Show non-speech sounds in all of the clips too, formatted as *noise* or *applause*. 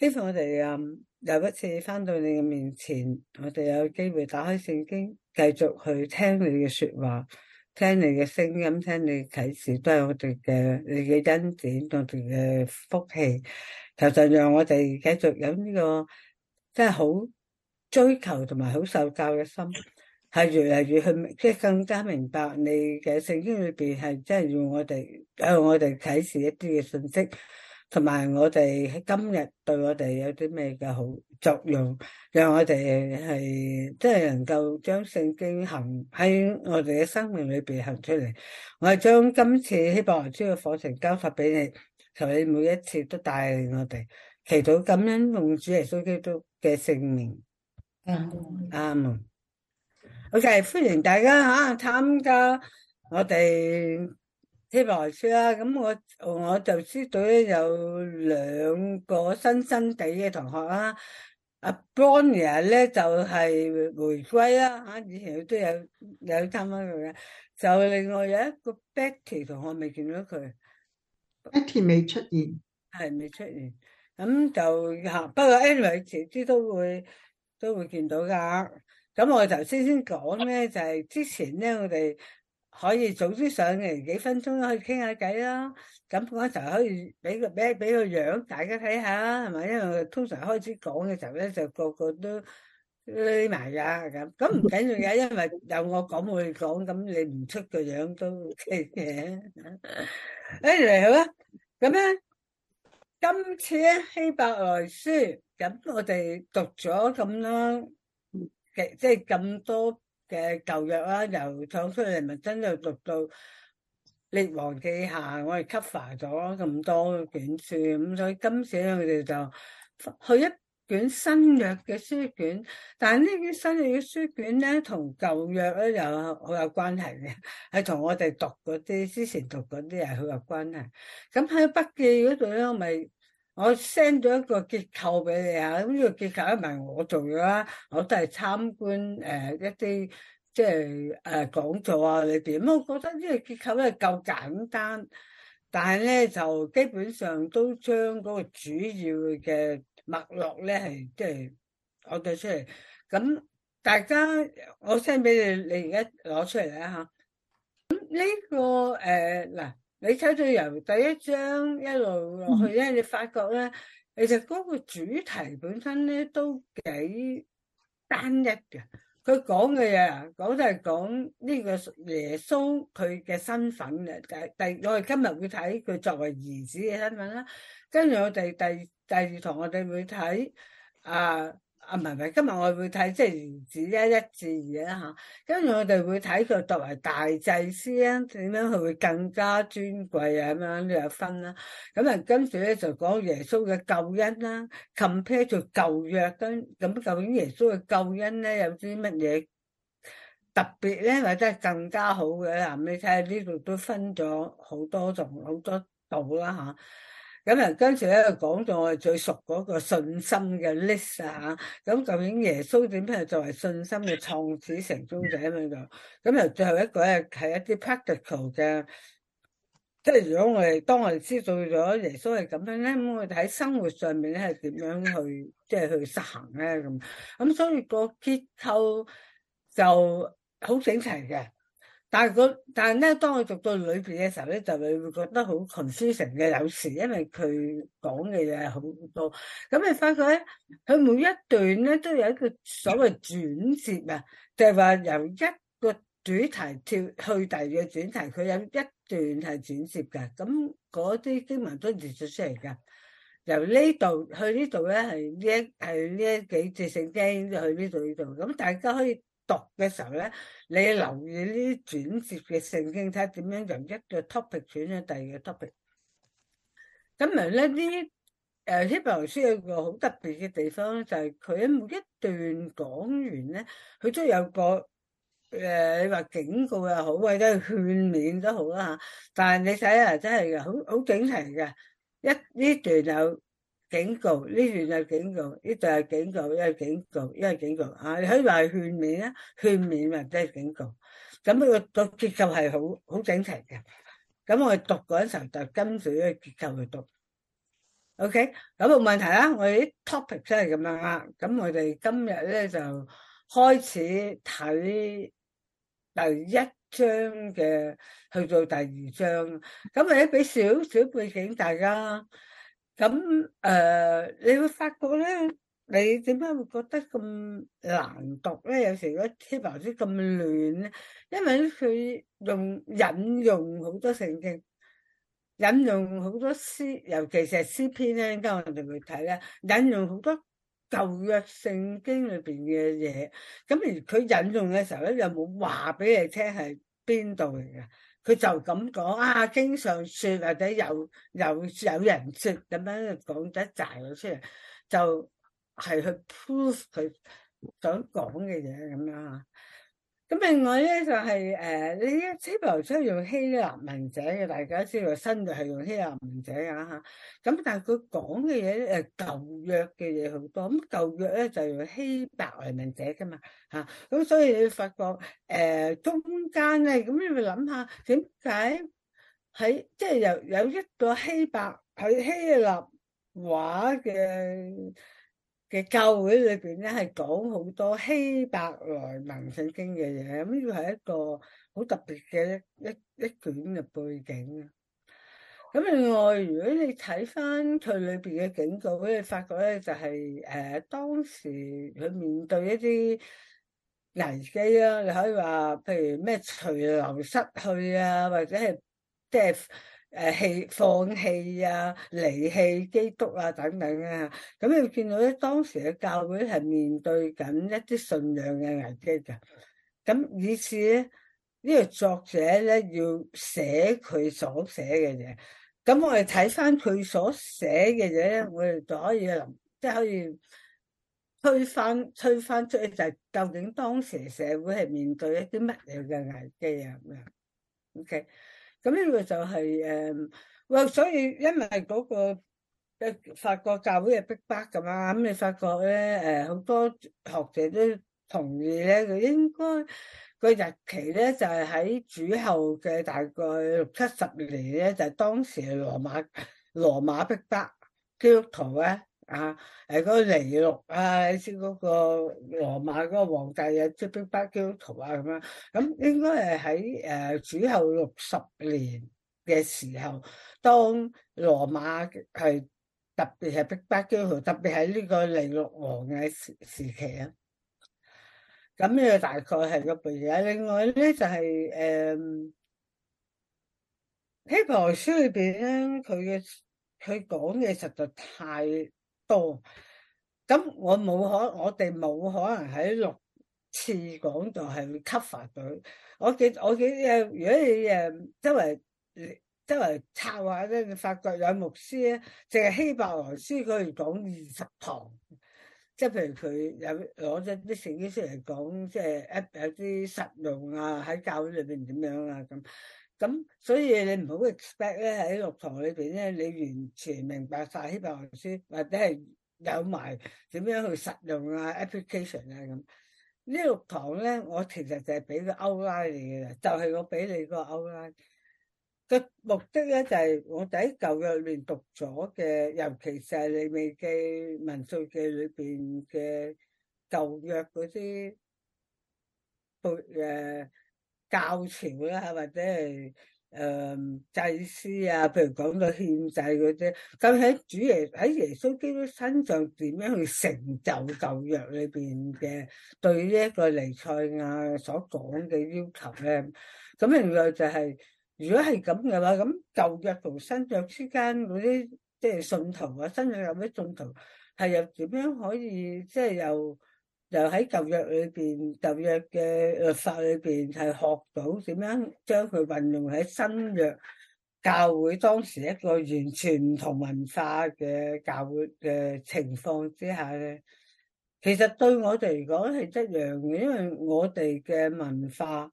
呢份我哋啊，又一次返到你嘅面前，我哋有機會打開聖經，繼續去聽你嘅說話，聽你嘅聲音，聽你嘅啟示，都係我哋嘅你嘅恩典，我哋嘅福氣，就就讓我哋繼續有呢、呢個真係好追求同埋好受教嘅心，係越嚟越去即係更加明白你嘅聖經裏邊係真係要我哋誒我哋啟示一啲嘅信息。同埋我哋喺今日對我哋有啲咩嘅好作用，讓我哋係即係能夠將聖經行喺我哋嘅生命裏邊行出嚟。我係將今次希伯來書嘅課程交發俾你，求你每一次都帶我哋祈禱，感恩用主耶穌基督嘅聖名。啱、嗯，啱。好，就係歡迎大家吓參加我哋。希伯萊書啦，咁我我就知道咧有兩個新新地嘅同學啦。阿 Bonnie 咧就係回歸啦，吓以前佢都有有參加嘅。就另外有一個 Becky 同學未見到佢，Becky 未出現，係未出現。咁就吓，不過 anyway 遲啲都會都會見到噶。咁我頭先先講咧，就係之前咧，我哋。可以早啲上嚟，幾分鐘都可以傾下偈啦。咁我就可以俾個俾俾個樣大家睇下，係咪？因為通常開始講嘅時候咧，就個個都匿埋呀咁。咁唔緊要嘅，因為有我講，我會講，咁你唔出個樣都 OK 嘅。哎嚟好啦，咁咧今次咧希伯來書咁，我哋讀咗咁多嘅，即係咁多，嘅舊約啦，由創出嚟，咪真係讀到列王記下，我哋 cover 咗咁多卷書，咁所以今次咧，佢哋就去一卷新約嘅書卷，但係呢啲新約嘅書卷咧，同舊約咧又好有關係嘅，係同我哋讀嗰啲之前讀嗰啲係好有關係。咁喺筆記嗰度咧，我咪。我 send 咗一個結構俾你啊，咁呢個結構咧，唔係我做嘅啦，我都係參觀誒一啲即係誒講座啊裏邊。咁我覺得呢個結構咧夠簡單，但係咧就基本上都將嗰個主要嘅脈絡咧係即係攞出嚟。咁大家我 send 俾你，你而家攞出嚟睇下。咁呢個誒嗱。呃你睇到由第一章一路落去咧，你發覺咧，其實嗰個主題本身咧都幾單一嘅。佢講嘅嘢，講就係講呢個耶穌佢嘅身份嘅。第第我哋今日會睇佢作為兒子嘅身份啦。跟住我哋第二第二堂我哋會睇啊。啊，唔係唔係，今日我會睇即係子一一字二啦吓，跟、啊、住我哋會睇佢作為大祭司啊，點樣佢會更加尊貴啊咁樣、啊、呢，呢？有分啦，咁啊跟住咧就講耶穌嘅救恩啦，compare 做舊約跟咁究竟耶穌嘅救恩咧有啲乜嘢特別咧，或者更加好嘅。嗱，你睇下呢度都分咗好多種好多度啦吓。啊咁啊，跟住咧講到我哋最熟嗰個信心嘅 list 啊嚇，咁究竟耶穌點樣作為信心嘅創始成宗者咁樣？咁又最後一個咧係一啲 practical 嘅，即係如果我哋當我哋知道咗耶穌係咁樣咧，咁我哋喺生活上面咧係點樣去即係去實行咧？咁咁所以個結構就好整齊嘅。但係佢，但係咧，當佢讀到裏邊嘅時候咧，就你會覺得好 conclusion 嘅，有時因為佢講嘅嘢好多，咁你發覺咧，佢每一段咧都有一個所謂轉折啊，就係話由一個主題跳去第二個主題，佢有一段係轉折嘅，咁嗰啲經文都列出出嚟㗎，由呢度去呢度咧係呢係呢幾隻聖經去呢度呢度，咁大家可以。讀嘅時候咧，你留意呢啲轉折嘅聖經，睇下點樣由一個 topic 轉咗第二個 topic。咁另外咧，啲誒希伯來書有個好特別嘅地方咧，就係佢喺每一段講完咧，佢都有個誒，你話警告又好，或者勸勉都好啦吓。但係你睇下，真係好好整齊嘅，一呢段有。警告呢段就警告，呢度係警告，一係警告，一係警告啊！你可以話係勸勉啊，勸勉咪即係警告。咁佢個結構係好好整齊嘅。咁我哋讀嗰陣時候就跟住呢個結構去讀。OK，咁冇問題啦。我哋啲 topic 真係咁樣啊。咁我哋今日咧就開始睇第一章嘅，去到第二章。咁我哋俾少少背景大家。咁誒、呃，你會發覺咧，你點解會覺得咁難讀咧？有時嗰黐毛線咁亂咧，因為佢用引用好多聖經，引用好多詩，尤其是詩篇咧，當我哋會睇咧，引用好多舊約聖經裏邊嘅嘢。咁而佢引用嘅時候咧，又有冇話俾你聽係邊度嚟嘅？佢就咁講啊，經常説或者又又有，有人説，咁樣講一紮咗出嚟，就係、是、去 prove 佢想講嘅嘢咁樣啊。咁另外咧就係誒呢啲希伯來用希臘文寫嘅，大家知道新嘅係用希臘文寫嘅吓。咁但係佢講嘅嘢，誒舊約嘅嘢好多，咁舊約咧就用希伯來文寫噶嘛吓。咁所以你會發覺誒中間咧，咁你會諗下，點解喺即係有有一個希伯喺希臘話嘅？嘅教會裏邊咧係講好多希伯來文聖經嘅嘢，咁呢個係一個好特別嘅一一一卷嘅背景啊。咁另外，如果你睇翻佢裏邊嘅警告咧，你發覺咧就係、是、誒、呃、當時佢面對一啲危機啦，你可以話譬如咩隨流失去啊，或者係即係。誒，棄放棄啊，離棄基督啊，等等啊，咁你見到咧，當時嘅教會係面對緊一啲信仰嘅危機嘅，咁以至咧呢個作者咧要寫佢所寫嘅嘢，咁我哋睇翻佢所寫嘅嘢，我哋就可以諗即係可以推翻推翻出嚟，就係究竟當時社會係面對一啲乜嘢嘅危機啊咁樣，ok。咁呢個就係、是、誒，哇、呃！所以因為嗰個嘅法國教會嘅逼迫咁嘛。咁你發覺咧，誒、呃，好多學者都同意咧，佢應該個日期咧就係、是、喺主後嘅大概六七十年嚟，咧，就係、是、當時羅馬羅馬逼迫，迫基督徒咧。啊！誒、那、嗰、個、尼禄啊，先係嗰個羅馬嗰個皇帝啊，即係逼迫基督徒啊咁樣。咁應該係喺誒主後六十年嘅時候，當羅馬係特別係逼迫基督徒特別喺呢個尼禄王嘅時時期啊。咁呢個大概係個背景。另外咧就係、是、誒希伯來書裏邊咧，佢嘅佢講嘅實在太～多，咁、oh, 我冇可，我哋冇可能喺六次講就係會 cover 到。我記我記誒，如果你誒周圍周圍策下咧，你發覺有牧師咧，淨係希伯來書，佢講二十堂，即係譬如佢有攞咗啲聖經出嚟講，即係一有啲實用啊，喺教會裏邊點樣啊咁。咁所以你唔好 expect 咧，喺六堂裏邊咧，你完全明白曬希伯來書，或者係有埋點樣去實用啊 application 啊咁。呢六堂咧，我其實就係俾個 outline 嚟嘅，就係我俾你個 outline 嘅目的咧，就係我喺舊約裏邊讀咗嘅，尤其是係利未記民數記裏邊嘅舊約嗰啲背誒。教潮啦，或者係誒祭司啊，譬如講到獻祭嗰啲，咁喺主耶喺耶穌基督身上點樣去成就舊約裏邊嘅對呢一個尼賽亞所講嘅要求咧？咁另外就係，如果係咁嘅話，咁舊約同新約之間嗰啲即係信徒啊，新約有咩信徒係又點樣可以即係又？就喺舊約裏邊，舊約嘅律法裏邊係學到點樣將佢運用喺新約教會當時一個完全唔同文化嘅教會嘅情況之下咧，其實對我哋嚟講係一樣嘅，因為我哋嘅文化，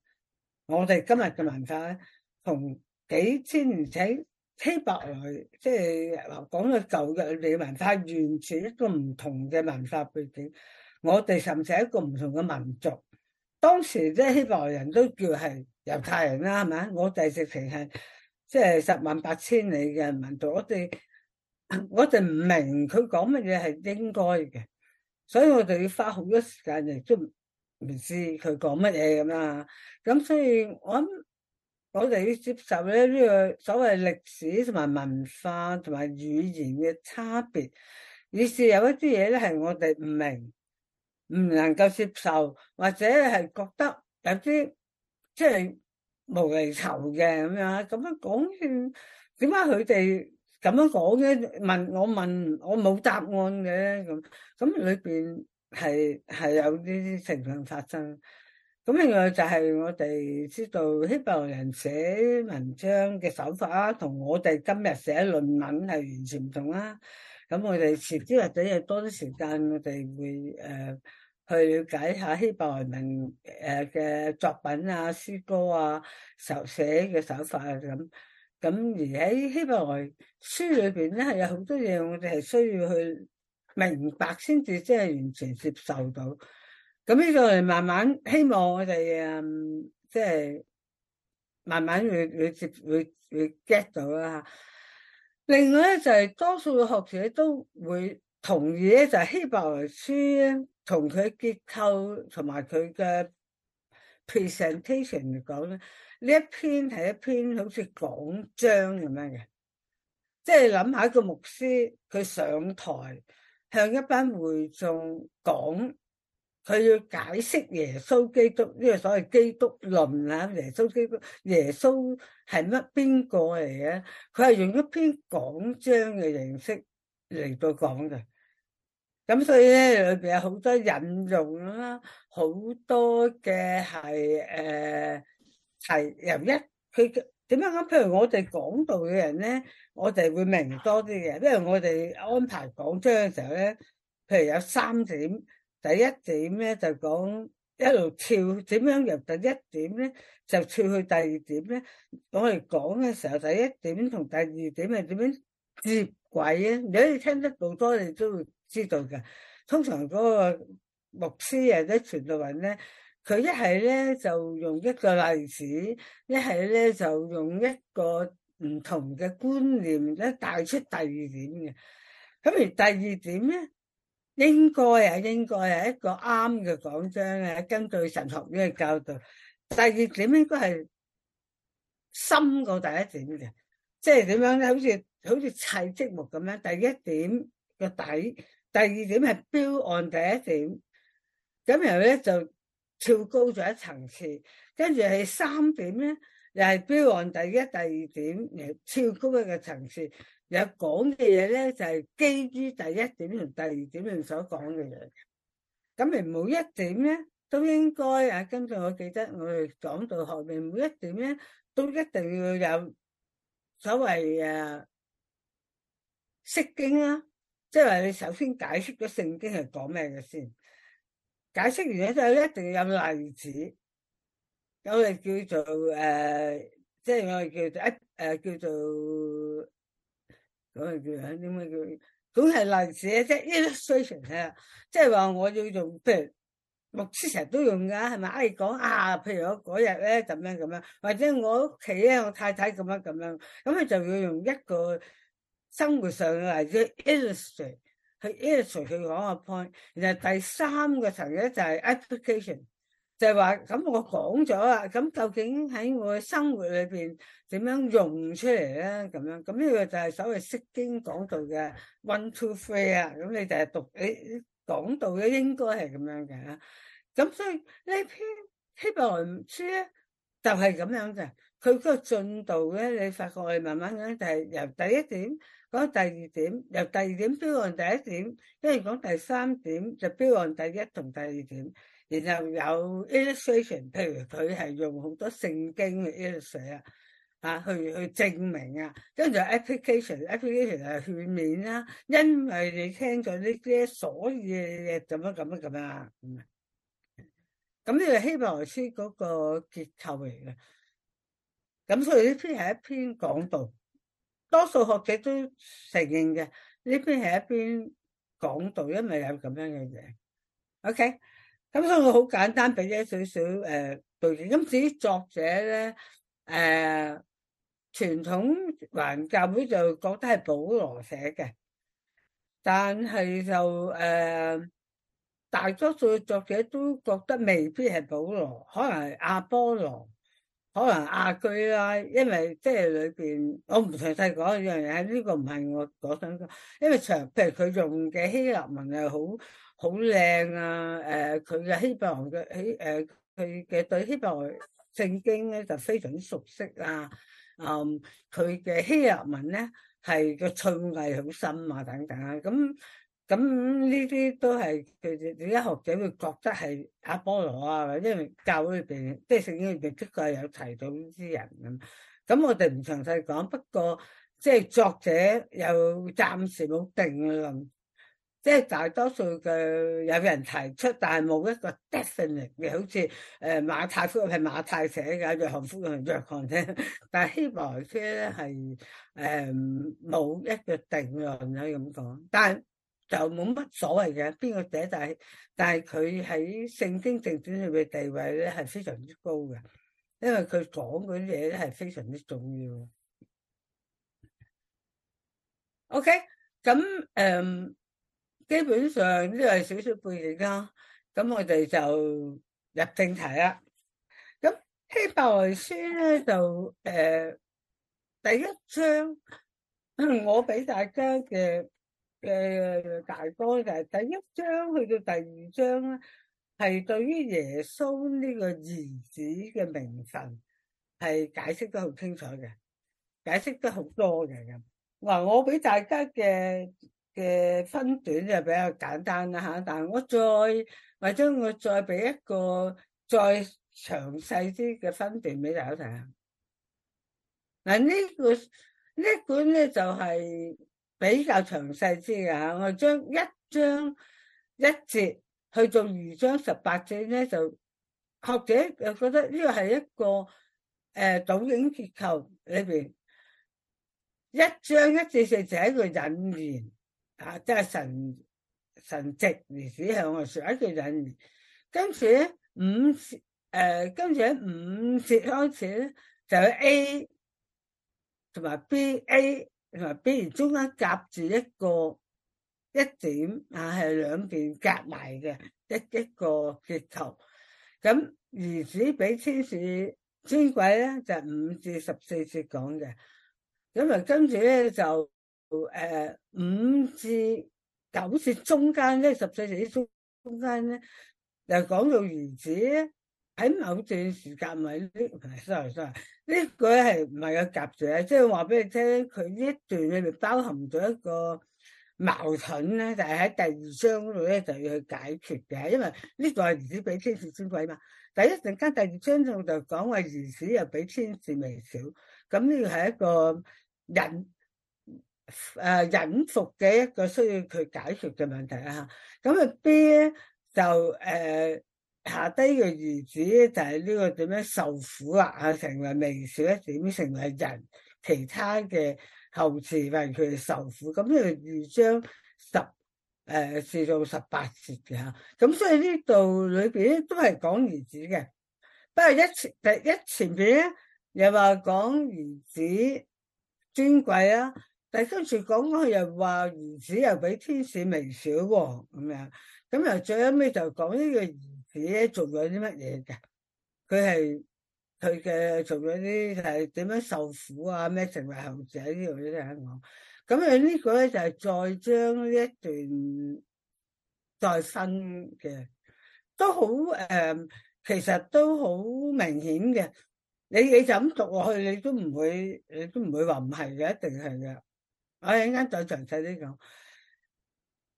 我哋今日嘅文化咧，同幾千年前希伯來即係、就是、講嘅舊約嘅文化，完全一個唔同嘅文化背景。我哋甚至係一個唔同嘅民族，當時啲希伯來人都叫係猶太人啦，係咪？我哋直情係即係十萬八千里嘅民族，我哋我哋唔明佢講乜嘢係應該嘅，所以我哋要花好多時間亦都唔知佢講乜嘢咁啦。咁所以我諗我哋要接受咧呢個所謂歷史同埋文化同埋語言嘅差別，而是有一啲嘢咧係我哋唔明。唔能夠接受，或者係覺得有啲即係無厘頭嘅咁樣，咁樣講算點解佢哋咁樣講嘅？問我問我冇答案嘅咁，咁裏邊係係有啲啲情況發生。咁另外就係我哋知道希伯來人寫文章嘅手法啊，同我哋今日寫論文係完全唔同啦。咁我哋遲啲或者有多啲時間，我哋會誒去了解下希伯來文誒嘅作品啊、詩歌啊、手寫嘅手法啊咁。咁而喺希伯來書裏邊咧，係有好多嘢我哋係需要去明白先至，即係完全接受到。咁呢個我哋慢慢希望我哋誒，即、um, 係慢慢會會接會會 get 到啊。另外咧就係、是，多數學者都會同意咧就係希伯來書咧，同佢結構同埋佢嘅 presentation 嚟講咧，呢一篇係一篇好似講章咁樣嘅，即係諗下一個牧師佢上台向一班會眾講。佢要解釋耶穌基督，呢個所謂基督論啦，耶穌基督，耶穌係乜邊個嚟嘅？佢係用一篇講章嘅形式嚟到講嘅。咁所以咧，裏邊有好多引用啦，好多嘅係誒，係由一佢點樣講？譬如我哋講道嘅人咧，我哋會明多啲嘅，因為我哋安排講章嘅時候咧，譬如有三點。第一點咧就講一路跳，點樣入？第一點咧就跳去第二點咧。我哋講嘅時候，第一點同第二點係點樣接軌啊？如果你可以聽得到多，你都會知道㗎。通常嗰個牧師啊，咧傳道人咧，佢一係咧就用一個例子，一係咧就用一個唔同嘅觀念咧帶出第二點嘅。咁而第二點咧？應該啊，應該啊，一個啱嘅講章啊，根據神學院嘅教導，第二點應該係深過第一點嘅，即係點樣咧？好似好似砌積木咁樣，第一點個底，第二點係標岸第一點，咁然後咧就跳高咗一層次，跟住係三點咧，又係標岸第一、第二點，又跳高一個層次。有講嘅嘢咧，就係基於第一點同第二點所講嘅嘢。咁誒，每一點咧都應該啊，根據我記得我哋講到後面，每一點咧都一定要有所謂誒釋經啦，即係話你首先解釋咗聖經係講咩嘅先，解釋完咧就一定要有例子，咁我哋叫做誒，即係我哋叫做一誒叫做。咁佢叫啊啲咩叫？總係例子嘅啫，illustration 啊，即係話我要用譬如牧師成日都用噶係咪？哎講啊，譬如我嗰日咧咁樣咁樣，或者我屋企咧我太太咁樣咁樣，咁佢就要用一個生活上嘅例子 illustrate，去 illustrate 去講個 point。然後第三個層咧就係 application。就係話咁，我講咗啊，咁究竟喺我嘅生活裏邊點樣用出嚟咧？咁樣咁呢個就係所謂釋經講道嘅 one two three 啊，咁你就係讀你講道咧，應該係咁樣嘅。咁所以呢篇希伯來書咧，就係咁樣嘅。佢個進度咧，你發覺係慢慢咁，就係由第一點講第二點，由第二點標岸第一點，跟住講第三點就標岸第一同第二點。然後有 illustration，譬如佢係用好多聖經嚟寫啊，啊去去證明啊，跟住 application，application 係勸勉啦，因為你聽咗呢啲，所以咁樣咁樣咁樣。咁呢個希伯來書嗰個結構嚟嘅，咁所以呢篇係一篇講道，多數學者都承認嘅，呢篇係一篇講道，因為有咁樣嘅嘢。OK。咁、嗯、所以我好簡單俾一少少誒背景。咁至於作者咧，誒、呃、傳統環教會就覺得係保羅寫嘅，但係就誒、呃、大多數作者都覺得未必係保羅，可能係亞波羅。可能亞句啦，因為即係裏邊，我唔詳細講一樣嘢，喺呢個唔係我講想講，因為長譬如佢用嘅希臘文係好好靚啊，誒佢嘅希伯來嘅希誒佢嘅對希伯來聖經咧就非常之熟悉啊，嗯，佢嘅希臘文咧係個造詣好深啊等等啊，咁。咁呢啲都係其實點解學者會覺得係阿波羅啊，因為教會裏邊即係聖經裏邊的確係有提到呢啲人咁。咁我哋唔詳細講，不過即係、就是、作者又暫時冇定論。即係大多數嘅有人提出，但係冇一個 definite 嘅好似誒、呃、馬太福音係馬太寫嘅，約翰福音係約翰寫， *laughs* 但係希伯來書咧係誒冇一個定論啦咁講，但係。就冇乜所謂嘅，邊個寫就係，但係但係佢喺聖經正典入邊嘅地位咧係非常之高嘅，因為佢講嗰啲嘢咧係非常之重要。OK，咁誒，基本上呢係少少背景啦，咁我哋就入正題啦。咁希伯來書咧就誒第一章，我俾大家嘅。嘅大概嘅第一章去到第二章咧，係對於耶穌呢個兒子嘅名份係解釋得好清楚嘅，解釋得好多嘅咁。嗱，我俾大家嘅嘅分段就比較簡單啦吓，但係我再或者我再俾一個再詳細啲嘅分段俾大家睇下。嗱呢個呢段咧就係。比較詳細啲嘅吓，我將一章一節去做二章十八節咧，就學者又覺得呢個係一個誒倒影結構裏邊，一章一節先就係一個引言，吓、啊、即係神神蹟而史向我說一個引言，跟住咧五誒，跟住喺五節開始就喺 A 同埋 B A。譬如中間夾住一個一點，啊係兩邊夾埋嘅，一一個結構，咁兒子比天使尊貴咧就五、是、至十四節講嘅，咁啊跟住咧就誒五、呃、至九節中間咧十四節中中間咧又講到兒子。喺某段時間咪呢？sorry sorry，呢句係唔係有夾住咧？即係話俾你聽，佢呢段裏面包含咗一個矛盾咧，就係、是、喺第二章嗰度咧就要去解決嘅。因為呢個兒子比天使先貴嘛，第一陣間，第二章就就講話兒子又比天使微少，咁呢個係一個引誒引伏嘅一個需要佢解決嘅問題啊。咁啊 B 咧就誒。呃下低嘅兒子咧，就係呢個點樣受苦啊？啊，成為微小一點，成為人，其他嘅後嗣為佢哋受苦。咁呢個預章十誒至到十八節嘅嚇。咁所以呢度裏邊咧都係講兒子嘅，不過一前第一前邊咧又話講兒子尊貴啊，跟住講講又話兒子又比天使微小喎，啊，咁樣咁又最後尾就講呢、呢個。自己做咗啲乜嘢嘅？佢係佢嘅做咗啲係點樣受苦啊？咩成為後者，呢度咧聽我，咁樣呢個咧就係再將呢一段再生嘅，都好誒，其實都好明顯嘅。你你就咁讀落去，你都唔會，你都唔會話唔係嘅，一定係嘅。我一陣間再詳細啲講。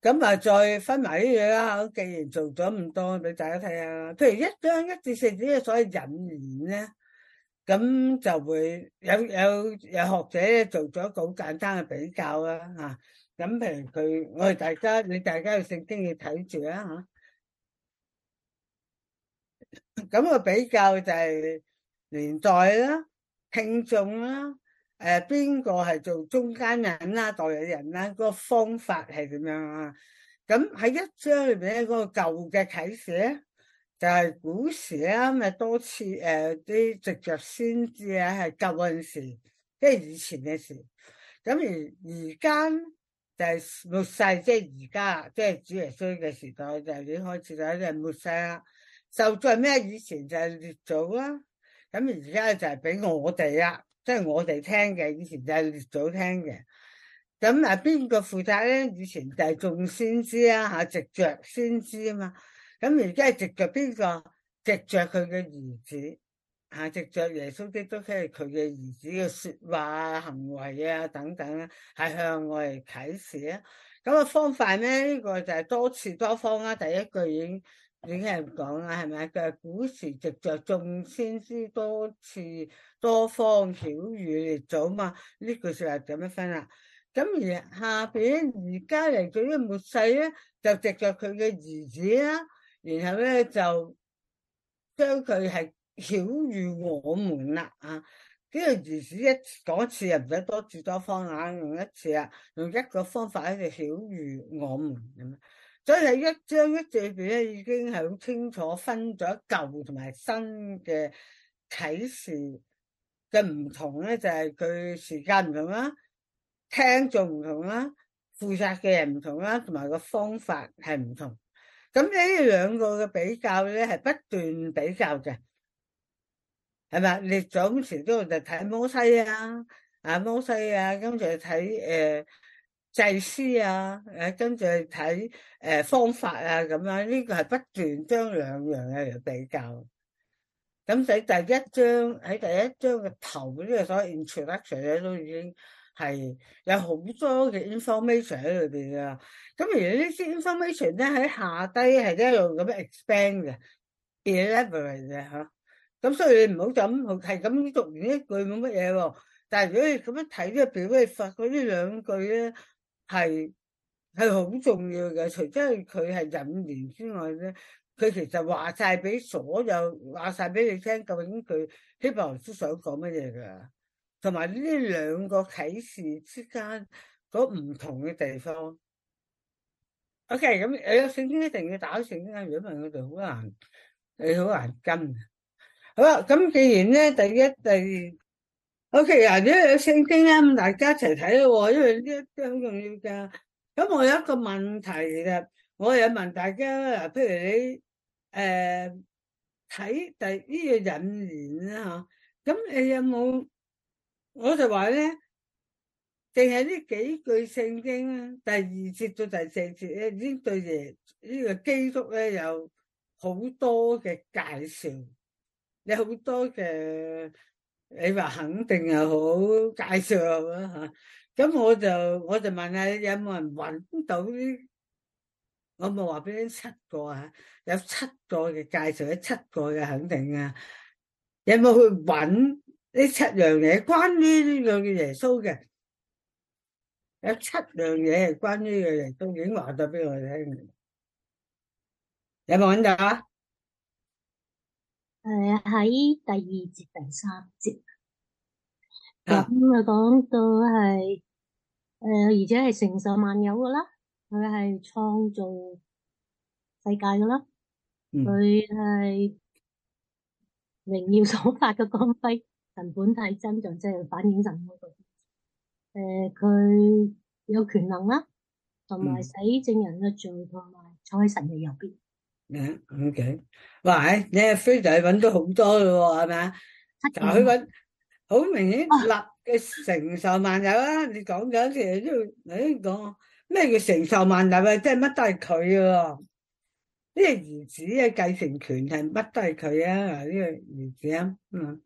咁啊，再分埋啲嘢啦。既然做咗咁多，俾大家睇下。譬如一章一至四節嘅所謂引言咧，咁就會有有有學者咧做咗一個好簡單嘅比較啦嚇。咁譬如佢，我哋大家你大家去聖經要睇住啦嚇。咁個比較就係年代啦、聽眾啦。誒，邊個係做中間人啦、代理人啦？那個方法係點樣、那個就是、啊？咁喺一章裏邊咧，嗰個舊嘅啟示就係古時咧，咪多次誒啲直着先知啊，係舊嗰陣時，即係以前嘅事。咁而而家就係末世，即係而家，即係主耶穌嘅時代，就已經開始咗，一係末世啦。就最尾？以前就係列祖啦，咁而家就係俾我哋啦。即係我哋聽嘅，以前就係列祖聽嘅。咁啊，邊個負責咧？以前就係眾先知啦，吓，直着先知啊，先知嘛。咁而家係直着邊個？直着佢嘅兒子啊，直着耶穌基督即係佢嘅兒子嘅說話、行為啊等等啊，係向我哋啟示啊。咁啊方法咧，呢個就係多次多方啦啊。第一句已經。已經係唔講啦，係咪？佢係古時藉著眾先知多次多方曉諭列祖嘛？呢句說話就咁樣分啦。咁而下邊而家嚟到末世咧，就藉著佢嘅兒子啦，然後咧就，就將佢係曉諭我們啦啊。呢、這個兒子一次講一次又唔使多次多方啦，用一次啊，用一個方法喺度曉諭我們咁。所以喺一章一節裏邊咧，已經係好清楚分咗舊同埋新嘅啟示嘅唔同咧，就係佢時間唔同啦，聽眾唔同啦，負責嘅人唔同啦，同埋個方法係唔同。咁呢兩個嘅比較咧，係不斷比較嘅，係咪啊？你早時都就睇摩西啊，啊摩西啊，跟住睇誒。祭司啊，誒跟住睇誒方法啊，咁樣呢個係不斷將兩樣嘢嚟比較。咁喺第一張，喺第一張嘅頭嗰啲嘅所謂 introduction 咧，都已經係有好多嘅 information 喺裏邊㗎。咁而呢啲 information 咧，喺下低係一路咁樣 expand 嘅，elaborate 嘅嚇。咁所以你唔好就咁係咁讀完一句冇乜嘢喎。但係如果你咁樣睇咧，譬如你發嗰啲兩句咧。係係好重要嘅，除即係佢係引言之外咧，佢其實話晒俾所有話晒俾你聽，究竟佢希望都想講乜嘢噶，同埋呢兩個啟示之間嗰唔同嘅地方。O K，咁有聖經一定要打開聖經啊，如果唔係我哋好難，你好難跟。好啦，咁既然咧第一第二。好，其實呢聖經咧，咁大家一齊睇咯喎，因為呢啲都好重要噶。咁我有一個問題嘅，我有問大家，譬如你誒睇第呢個引言啦嚇，咁你有冇？我就話咧，淨係呢幾句聖經咧，第二節到第四節咧，已經對耶呢個基督咧有好多嘅介紹，有好多嘅。你話肯定又好介紹啦吓，咁我就我就問下，有冇人搵到呢？我冇話俾你七個啊，有七個嘅介紹，有七個嘅肯定啊，有冇去搵呢七樣嘢？關於呢樣嘅耶穌嘅，有七樣嘢係關於耶穌，點話咗俾我聽？有冇揾到啊？係啊，喺第二節第三節，咁啊講到係誒，而且係承受萬有噶啦，佢係創造世界噶啦，佢係榮耀所發嘅光輝，神本體真像，即係反映神嗰個，誒，佢有權能啦，同埋洗證人嘅罪，同埋坐喺神嘅右邊。嗯，OK，哇，你阿飛仔揾到好多嘅喎，係咪啊？嗱，佢揾好明顯立嘅承受萬有啦。你講緊嘅，因為頭先講咩叫承受萬有啊？即係乜都係佢嘅，呢個兒子嘅繼承權係乜都係佢啊？呢個兒子啊，嗯，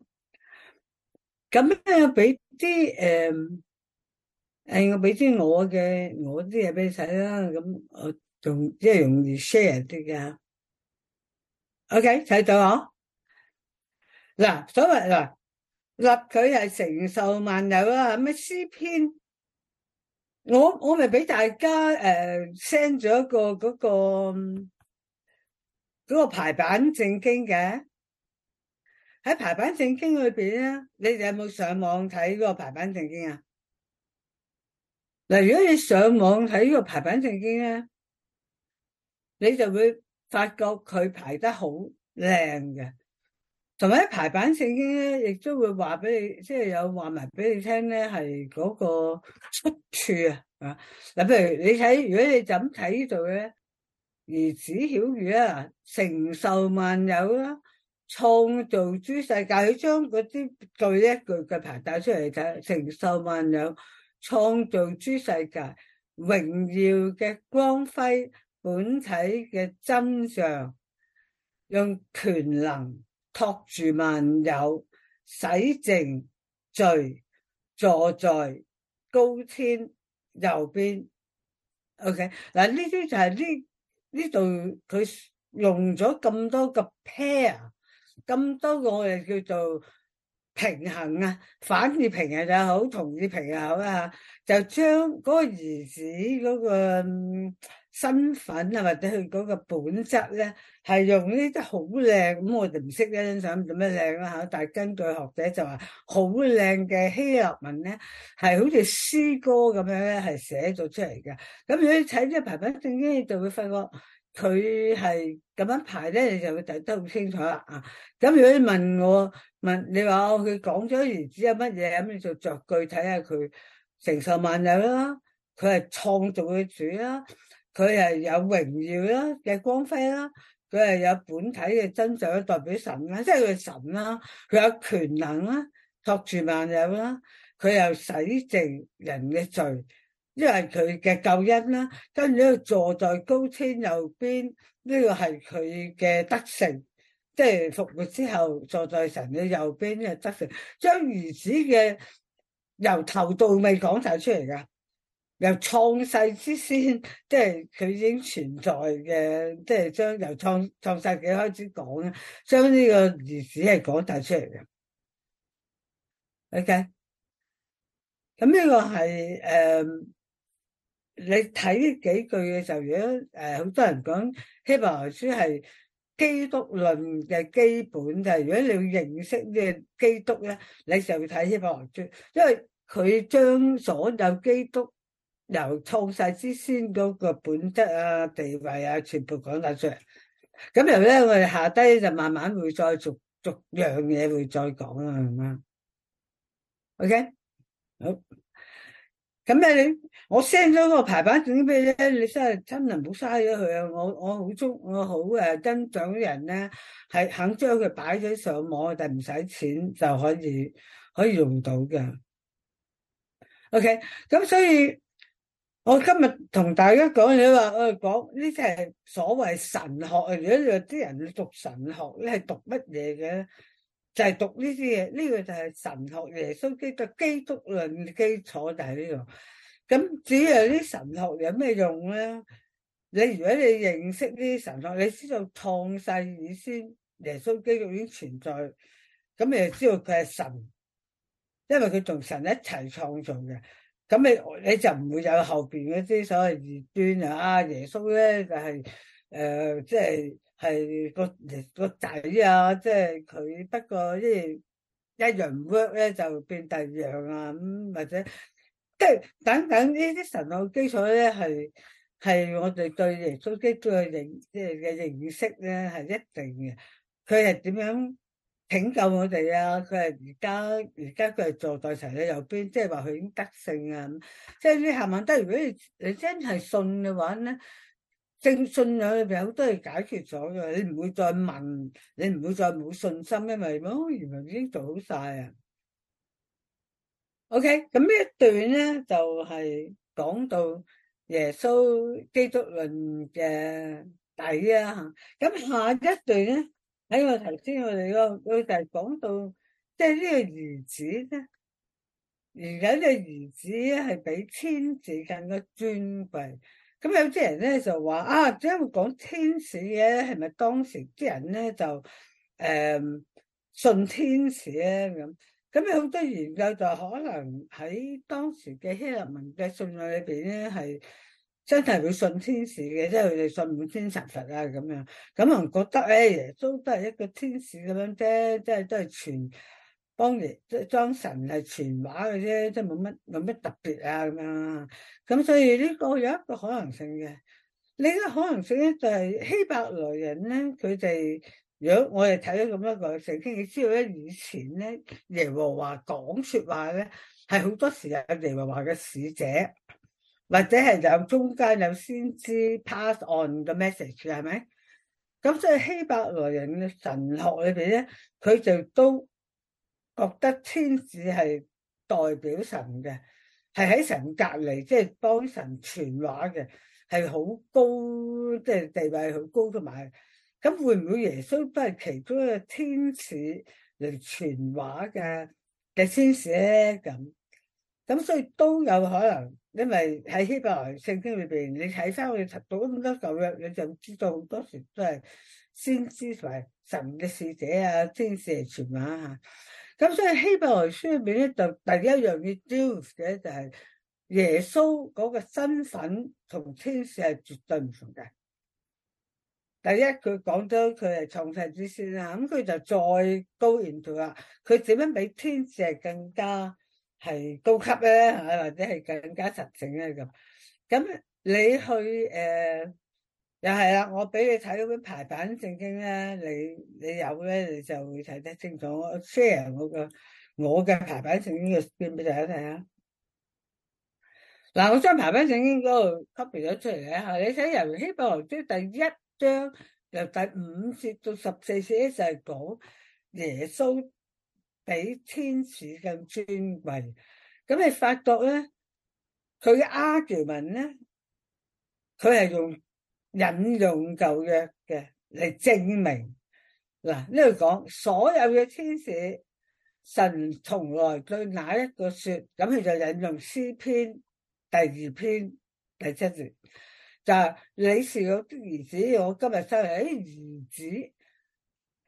咁樣俾啲誒誒，我俾啲我嘅我啲嘢俾你睇啦。咁我仲即係容易 share 啲噶。OK，睇到嗬？嗱，所謂嗱，立佢係承受萬有啦，咩詩篇？我我咪俾大家誒 send 咗一個嗰個嗰個排版正經嘅。喺排版正經裏邊咧，你哋有冇上網睇嗰個排版正經啊？嗱，如果你上網睇呢個排版正經咧，你就會。發覺佢排得好靚嘅，同埋喺排版聖經咧，亦都會話俾你，即係有話埋俾你聽咧，係嗰個出處啊啊！嗱，譬如你睇，如果你就咁睇呢度咧，兒子曉諭啊，承受萬有啦，創造諸世界，佢將嗰啲句一句嘅排帶出嚟。睇，承受萬有，創造諸世界，榮耀嘅光輝。本體嘅真相，用權能托住萬有，洗淨罪，坐在高天右邊。OK，嗱呢啲就係呢呢度佢用咗咁多個 pair，咁多個我哋叫做平衡啊，反義平衡又好，同義平衡好，就將嗰個兒子嗰個。身份啊，或者佢嗰個本質咧，係用呢啲好靚咁，我哋唔識欣賞點樣靚啦吓。但係根據學者就話，好靚嘅希臘文咧，係好似詩歌咁樣咧，係寫咗出嚟嘅。咁如果你睇啲排版正經就會發覺佢係咁樣排咧，你就會睇得好清楚啦啊。咁如果你問我問你話佢講咗而知有乜嘢咁，你就逐句睇下佢承受萬有啦，佢係創造嘅主啦。佢係有榮耀啦，嘅光輝啦，佢係有本體嘅真相，代表神啦，即係佢神啦，佢有權能啦，托住萬有啦，佢又洗淨人嘅罪，因為佢嘅救恩啦，跟住呢，坐在高天右邊呢個係佢嘅德性，即係復活之後坐在神嘅右邊嘅德性。勝，將兒子嘅由頭到尾講晒出嚟噶。由創世之先，即係佢已經存在嘅，即係將由創創世紀開始講，將呢個歷史係講晒出嚟嘅。OK，咁呢個係誒、呃，你睇呢幾句嘅時候，如果誒好、呃、多人講希伯來書係基督論嘅基本，就係、是、如果你要認識呢個基督咧，你就睇希伯來書，因為佢將所有基督。由創世之先嗰個本質啊、地位啊，全部講晒出嚟。咁由咧，我哋下低就慢慢會再逐逐樣嘢會再講啊。咁啊，OK 好。咁啊，你我 send 咗個排版叫咩咧？你真係真係唔好嘥咗佢啊！我我好鍾我好誒，跟上啲人咧係肯將佢擺咗上網，但唔使錢就可以可以用到嘅。OK，咁所以。我今日同大家講嘢話，我講呢啲係所謂神學啊！如果有啲人讀神學，你係讀乜嘢嘅？就係、是、讀呢啲嘢。呢、這個就係神學耶穌基督基督論嘅基礎就喺呢度。咁至於有啲神學有咩用咧？你如果你認識呢啲神學，你知道創世以先，耶穌基督已經存在，咁你就知道佢係神，因為佢同神一齊創造嘅。咁你你就唔會有後邊嗰啲所謂異端啊！耶穌咧就係、是、誒，即係係個個仔啊，即係佢不過即係一樣 work 咧就變第二樣啊咁，或者即係等等呢啲神學基礎咧，係係我哋對耶穌基督嘅認即係嘅認識咧係一定嘅，佢係點樣拯救我哋啊！佢係而家，而家佢係坐在神嘅右邊，即係話佢已經得勝啊！即係你下問得，如果你你真係信嘅話咧，正信仰嘅有好多嘢解決咗嘅，你唔會再問，你唔會再冇信心，因為乜？原來已經做好晒啊！OK，咁呢一段咧就係講到耶穌基督論嘅底啊！咁下一段咧。喺、哎、我頭先我哋個，老哋講到，即、就、係、是、呢個兒子咧，而家呢個兒子係比天使更加尊貴。咁有啲人咧就話啊，因為講天使嘅，咧，係咪當時啲人咧就誒、呃、信天使咧咁？咁有好多研究就可能喺當時嘅希臘文嘅信仰裏邊咧係。真係會信天使嘅，即係佢哋信滿天神佛啊咁樣，咁又覺得咧，耶、欸、耶穌都都係一個天使咁樣啫，即係都係傳幫人，即係裝神係傳話嘅啫，即係冇乜冇乜特別啊咁樣。咁所以呢個有一個可能性嘅，另一個可能性咧就係、是、希伯來人咧，佢哋如果我哋睇咗咁多個聖經，你知道咧以前咧，耶和華講說話咧係好多時有耶和華嘅使者。或者係有中間有先知 pass on 嘅 message 係咪？咁所以希伯來人嘅神學裏邊咧，佢就都覺得天使係代表神嘅，係喺神隔離，即係幫神傳話嘅，係好高，即係地位好高同埋。咁會唔會耶穌都係其中一個天使嚟傳話嘅嘅天使咧？咁咁所以都有可能。因為喺希伯來聖經裏邊，你睇翻去到咁多舊約，你就知道好多時都係先知同埋神嘅使者啊，天使傳話啊。咁所以希伯來書裏邊咧，就第一樣要 deal 嘅就係耶穌嗰個身份同天使係絕對唔同嘅。第一佢講咗佢係創世之先啊，咁佢就再高言度話，佢點樣比天使係更加？係高級咧，或者係更加實淨咧咁。咁你去誒又係啦，我俾你睇嗰本排版聖經咧，你你有咧，你就會睇得清楚。我 share 我嘅我嘅排版聖經嘅俾俾大家睇下。嗱，我將排版聖經嗰度 copy 咗出嚟咧，你睇由希伯來書第一章由第五節到十四節就係講耶穌，比天使更尊貴，咁你發覺咧，佢嘅 argument 咧，佢係用引用舊約嘅嚟證明。嗱，呢度講，所有嘅天使神從來對哪一個說，咁佢就引用詩篇第二篇第七節，就係你是我的兒子，我今日生誒兒子。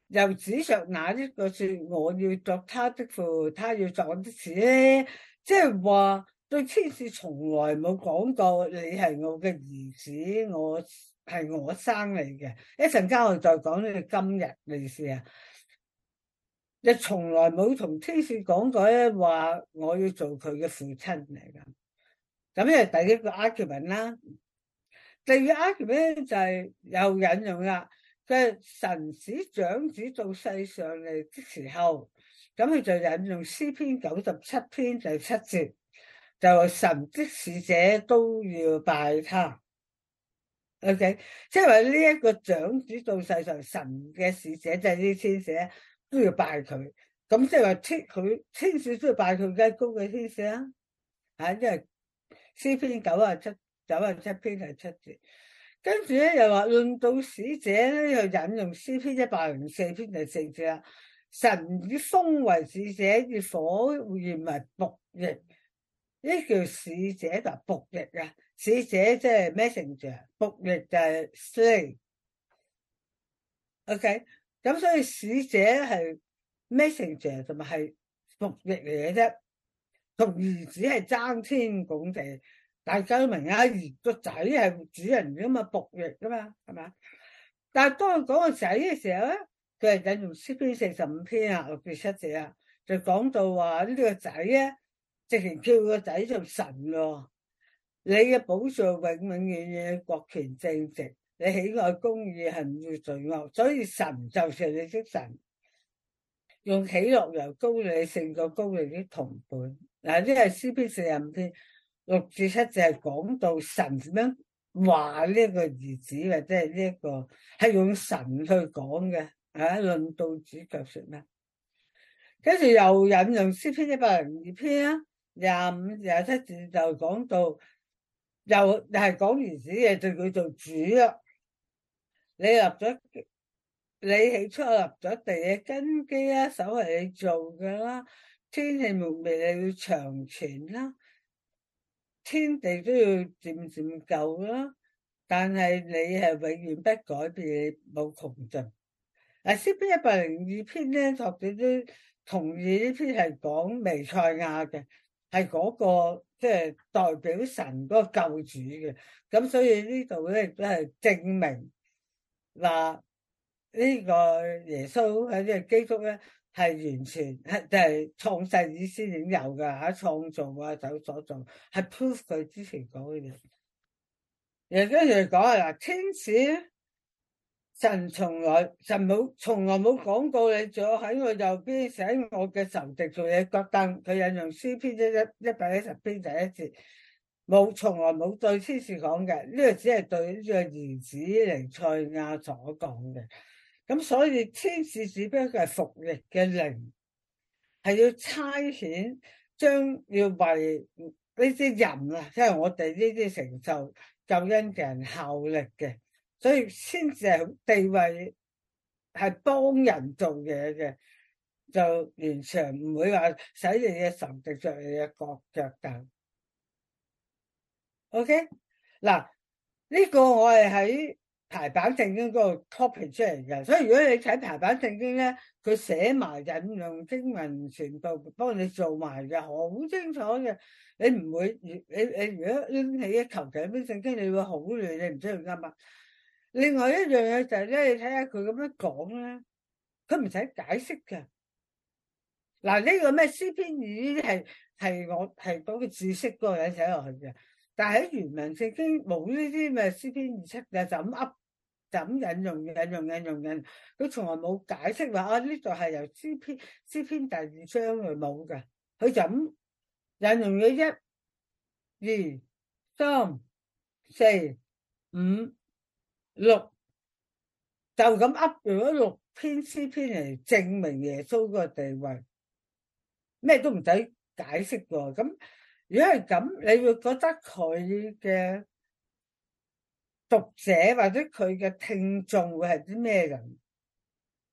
又指上那一個說，我要作他的父，他要作我的子呢，即係話對天使從來冇講過，你係我嘅兒子，我係我生嚟嘅。一陣間我再講呢，今日嘅事啊，你從來冇同天使講過咧，話我要做佢嘅父親嚟噶。咁因為，第一個 argument 啦，第二個 argument 就係有引用啦。嘅神使長子到世上嚟，的時候，咁佢就引用詩篇九十七篇第七節，就話神的使者都要拜他。O.K. 即係話呢一個長子到世上，神嘅使者即係啲天使都要拜佢。咁即係話天佢天使都要拜佢梗高嘅天使啊。吓、啊，因為詩篇九啊七九啊七篇係七節。跟住咧又話論到使者咧，又引用詩篇一百零四篇第四節啦。神以風為使者，以火而為僕役，呢叫使者就僕役啊。使者即係 messenger，僕役就係 slave。OK，咁所以使者係 messenger，同埋係僕役嚟嘅啫，同兒子係爭天拱地。大家都明阿啊，個仔係主人噶嘛，僕役噶嘛，係咪？但係當講個仔嘅時候呢，佢係引用詩篇四十五篇啊六至七節啊，就講到話呢個仔呢，直情叫個仔做神咯，哦。你嘅寶座永永遠遠國權正直，你喜愛公義行越罪惡，所以神就是你嘅神，用喜樂由高你勝過高你啲同伴。嗱，呢係詩篇四十五篇。六至七就係講到神點樣話呢一個兒子嘅，或者呢一個係用神去講嘅。啊，論到主腳說咩？跟住又引用詩篇一百零二篇啊，廿五廿七字就講到又係講兒子嘅對佢做主啊。你立咗，你起初立咗地嘅根基啦，手係你做嘅啦，天命命命你要長存啦。天地都要漸漸舊啦，但係你係永遠不改變冇窮盡。嗱，詩篇一百零二篇咧，作者都同意呢篇係講彌賽亞嘅，係嗰、那個即係、就是、代表神個救主嘅。咁所以呢度咧亦都係證明嗱呢個耶穌喺即係基督咧。係完全係就係創世以先已有噶，喺、啊、創造啊，走所造係 proof 佢之前講嘅嘢。然跟住講啊，天使神從來神冇從來冇講過你坐喺我右邊，坐我嘅仇敵做嘢腳凳。佢引用詩篇一一一百一十篇第一節，冇從來冇對天使講嘅，呢、這個只係對呢個兒子嚟賽亞所講嘅。咁所以天使指標佢係服役嘅靈，係要差遣將要為呢啲人啊，即係我哋呢啲成就救恩嘅人效力嘅，所以天使地位係幫人做嘢嘅，就完全唔會話使你嘅神定著你嘅角腳凳。OK，嗱呢個我係喺。排版聖經嗰個 copy 出嚟嘅，所以如果你睇排版聖經咧，佢寫埋引用經文，全部幫你做埋嘅，好清楚嘅。你唔會，你你，你如果拎起一求其一啲聖經，你會好亂，你唔知佢啱唔啱。另外一樣嘢就係咧，你睇下佢咁樣講咧，佢唔使解釋嘅。嗱、啊、呢、呢個咩 C 篇語呢係係我係嗰個知識個人寫落去嘅。但係喺原文聖經冇呢啲咩詩篇二七嘅，就咁噏就咁引用引用引用引，佢從來冇解釋話啊呢度係由詩篇詩篇第二章嚟，冇嘅，佢就咁引用咗一、二、三、四、五、六，就咁噏用咗六篇詩篇嚟證明耶穌個地位，咩都唔使解釋喎，咁。如果係咁，你會覺得佢嘅讀者或者佢嘅聽眾會係啲咩人？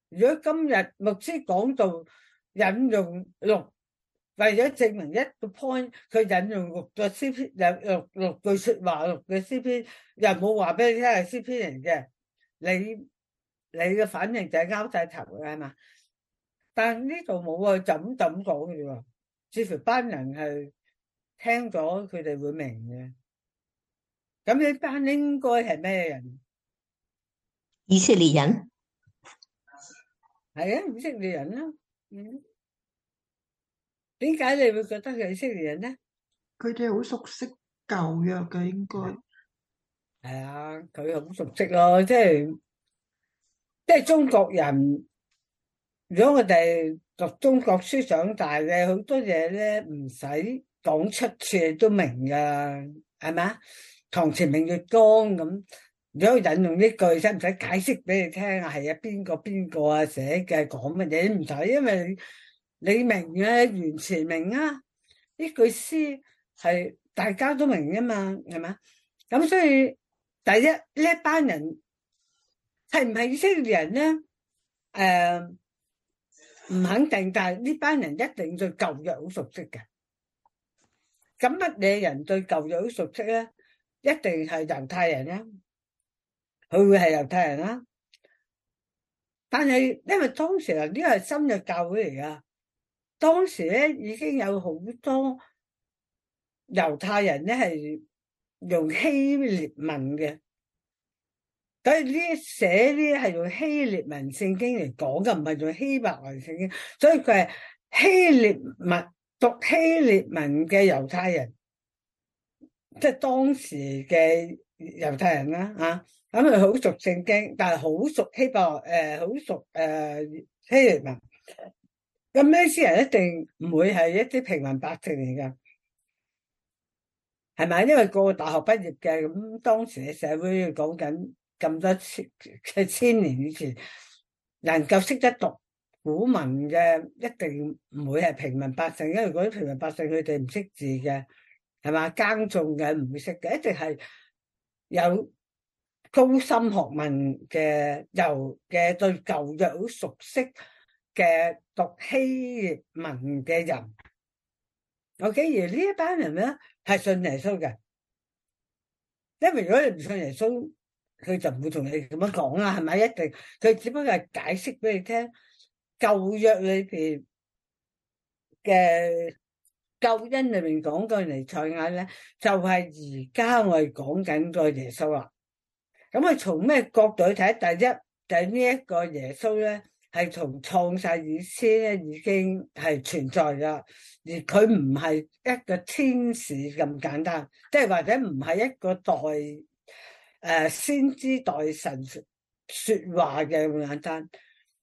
如果今日牧師講到引用六，為咗證明一個 point，佢引用六個詩篇六六句說話六嘅詩篇，又冇話俾你聽係詩篇嚟嘅，你你嘅反應就係啱晒頭嘅係嘛？但呢度冇啊，就咁就咁講嘅啫，似乎班人係。聽咗佢哋會明嘅，咁呢班應該係咩人？以色列人，係啊，以色列人咯。嗯，點解你會覺得係以色列人咧？佢哋好熟悉舊約嘅，應該。係啊，佢好熟悉咯，即係即係中國人。如果我哋讀中國書長大嘅，好多嘢咧唔使。講出處都明噶，係咪啊？床前明月光咁，如果引用呢句，使唔使解釋俾你聽啊？係啊，邊個邊個啊寫嘅講乜嘢都唔使，因為你明嘅完全明啊！呢句詩係大家都明噶嘛，係嘛？咁所以第一呢一班人係唔係以色列人咧？誒，唔肯定，但係呢班人一定對舊約好熟悉嘅。咁乜嘢人對舊約好熟悉咧？一定係猶太人啦，佢會係猶太人啦。但係因為當時啊，呢個係新約教會嚟噶，當時咧已經有好多猶太人咧係用希臘文嘅，所以呢寫呢係用希臘文聖經嚟講嘅，唔係用希伯來聖經，所以佢係希臘文。讀希臘文嘅猶太人，即係當時嘅猶太人啦、啊，吓咁佢好熟聖經，但係好熟希伯，誒、呃、好熟誒、呃、希臘文。咁呢啲人一定唔會係一啲平民百姓嚟嘅，係咪？因為個個大學畢業嘅，咁當時嘅社會講緊咁多千千年以前，能夠識得讀。古文嘅一定唔會係平民百姓，因為如果啲平民百姓佢哋唔識字嘅，係嘛耕種嘅唔會識嘅，一定係有高深學問嘅，又嘅對舊約好熟悉嘅讀希文嘅人。我既然呢一班人咧係信耶穌嘅，因為如果你唔信耶穌，佢就唔會同你咁樣講啦，係咪？一定佢只不過係解釋俾你聽。舊約裏邊嘅救恩裏邊講句嚟，再眼咧就係而家我哋講緊個耶穌啦。咁佢從咩角度去睇？第一，第呢一個耶穌咧係從創世以先咧已經係存在噶，而佢唔係一個天使咁簡單，即係或者唔係一個代誒先知代神說話嘅咁簡單。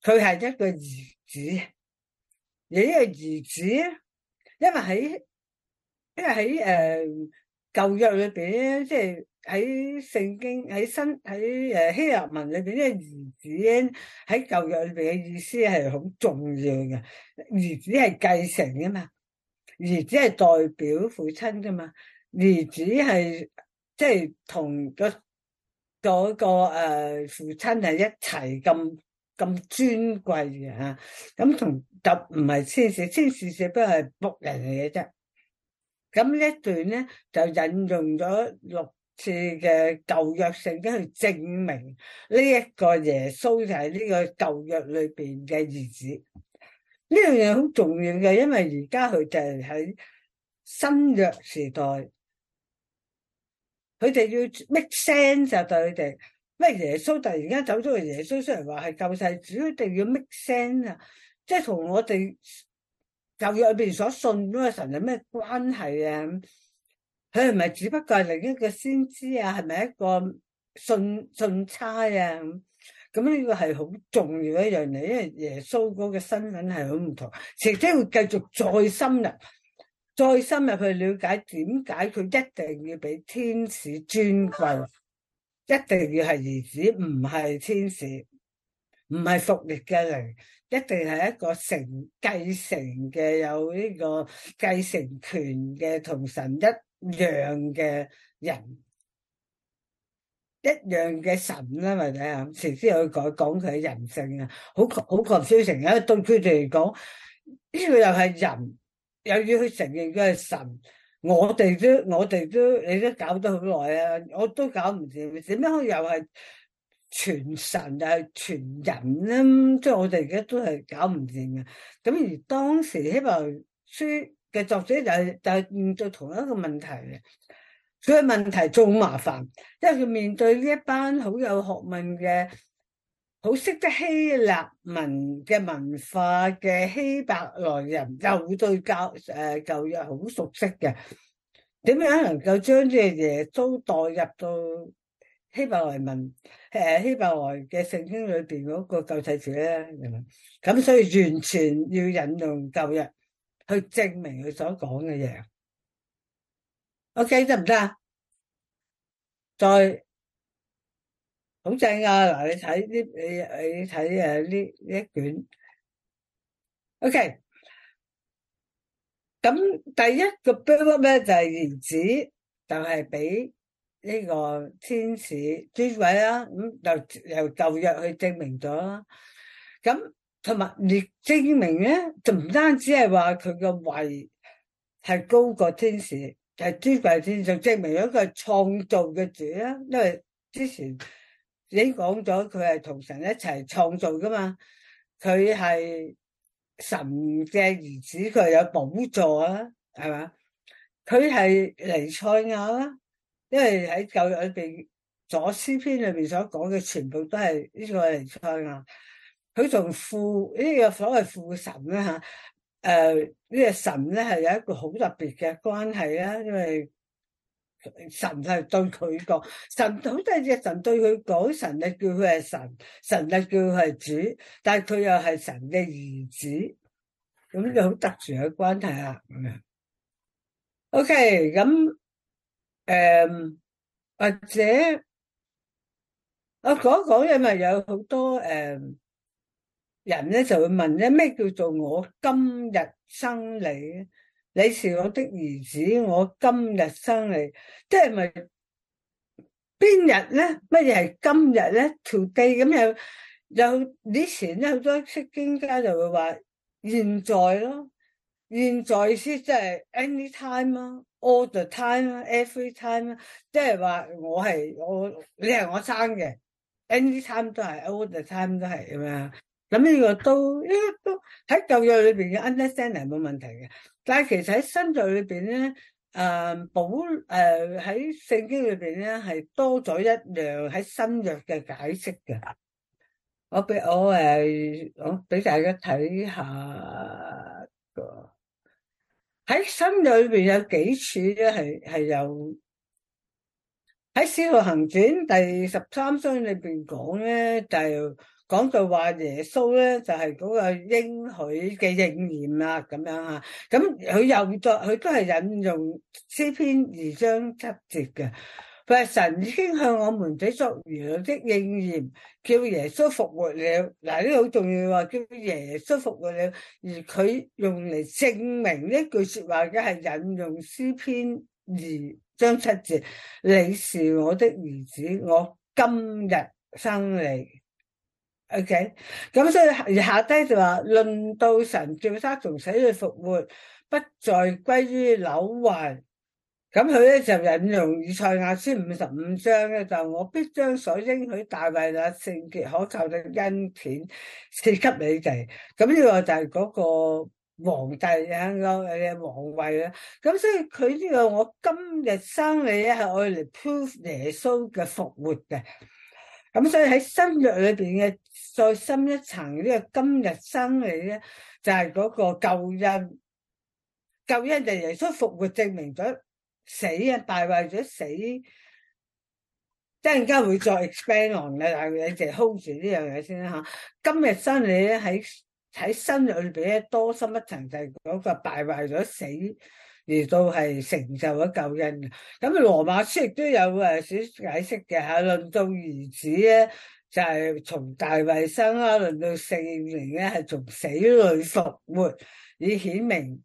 佢係一個兒子，而呢個兒子，因為喺因為喺誒舊約裏邊咧，即係喺聖經喺新喺誒希臘文裏邊，呢個兒子咧喺舊約裏邊嘅意思係好重要嘅。兒子係繼承噶嘛，兒子係代表父親噶嘛，兒子係即係同個嗰個誒父親係一齊咁。咁尊貴嘅吓，咁同就唔係天使，天使只不過係僕人嘅嘢啫。咁呢一段咧就引用咗六次嘅舊約聖經去證明呢一個耶穌就係呢個舊約裏邊嘅兒子。呢樣嘢好重要嘅，因為而家佢就係喺新約時代，佢哋要 make sense 就對佢哋。咩耶穌突然間走咗？耶穌雖然話係救世主，一定要 make sense 啊！即係同我哋舊約裏邊所信嗰個神有咩關係啊？佢係咪只不過係另一個先知啊？係咪一個信信差啊？咁呢個係好重要一樣嘢，因為耶穌嗰個身份係好唔同。姐姐會繼續再深入，再深入去了解點解佢一定要俾天使尊貴。一定要係兒子，唔係天使，唔係服役嘅靈，一定係一個成繼承繼承嘅，有呢個繼承權嘅，同神一樣嘅人，一樣嘅神啦、啊，或者啊，神先去改講佢人性啊，好好混淆成嘅，using, 對佢哋嚟講，呢個又係人，又要去承認佢係神。我哋都，我哋都，你都搞咗好耐啊！我都搞唔掂，點解又係全神又係全人咧？即係我哋而家都係搞唔掂嘅。咁而當時希伯來書嘅作者就係、是、就係面對同一個問題，所以問題仲麻煩，因為佢面對呢一班好有學問嘅。好識得希臘文嘅文化嘅希伯來人，又對教、誒舊約好熟悉嘅。點樣能夠將啲嘢都代入到希伯來文、誒希伯來嘅聖經裏邊嗰個舊誓詞咧？咁所以完全要引用舊約去證明佢所講嘅嘢。OK，得唔得？再。好正啊！嗱，你睇呢，你你睇誒呢呢一卷，OK。咁第一個 book 咧就係原子，就係俾呢個天使尊貴啦。咁就由舊約去證明咗。咁同埋你證明咧，就唔單止係話佢個位係高過天使，就係、是、尊貴天，就證明咗佢係創造嘅主啦。因為之前。已經講咗，佢係同神一齊創造噶嘛？佢係神嘅兒子，佢有寶座啊，係嘛？佢係尼賽亞啦，因為喺舊約裏邊，左詩篇裏邊所講嘅全部都係呢個尼賽亞。佢同父呢個所謂父神咧吓，誒、呃、呢、這個神咧係有一個好特別嘅關係啦，因為。神係對佢講，神好得意，神對佢講，神係叫佢係神，神係叫佢係主，但係佢又係神嘅兒子，咁就好特殊嘅關係啦。咁樣，OK，咁誒，或者我講講，因為有好多誒人咧就會問咧，咩叫做我今日生你？你是我的兒子，我今日生你，即係咪邊日咧？乜嘢係今日咧？Today 咁有有以前咧，好多識經家就會話現在咯，現在先即係 any time 啊，all the time every time 啊，即係話我係我，你係我生嘅，any time 都係，all the time 都係啊。咁呢個都呢都喺舊約裏邊嘅 understanding 係冇問題嘅，但係其實喺新約裏邊咧，誒保誒喺聖經裏邊咧係多咗一樣喺新約嘅解釋嘅。我俾我誒，我俾大家睇下個喺新約裏邊有幾處咧係係有喺使徒行傳第十三章裏邊講咧就係。講到話耶穌咧，就係嗰個應許嘅應驗啦，咁樣吓。咁佢又再，佢都係引用詩篇二章七節嘅，係神已經向我們仔作如樣的應驗，叫耶穌復活了。嗱，呢好重要話，叫耶穌復活了，而佢用嚟證明呢句說話嘅係引用詩篇二章七節，你是我的兒子，我今日生你。O.K.，咁所以而下低就話論到神叫他從死裏復活，不再歸於朽壞。咁佢咧就引用以賽亞書五十五章咧，就我必將所應許大衛那聖潔可靠的恩典賜給你哋。咁呢個就係嗰個皇帝啊，誒，王位啦。咁所以佢呢個我今日生你係為嚟 proof 耶穌嘅復活嘅。咁所以喺新約裏邊嘅再深一層，呢個今日生嚟咧，就係、是、嗰個救恩。救恩就耶穌復活證明咗死啊，敗壞咗死，即一陣間會再 expand on 嘅，但係你哋 hold 住呢樣嘢先啦吓。今日生嚟咧喺喺新約裏邊咧多深一層，就係嗰個敗壞咗死。而到係成就咗救恩，因，咁羅馬書亦都有誒少解釋嘅，係論到兒子咧，就係、是、從大衞生啦，論到聖靈咧，係從死裏復活，以顯明。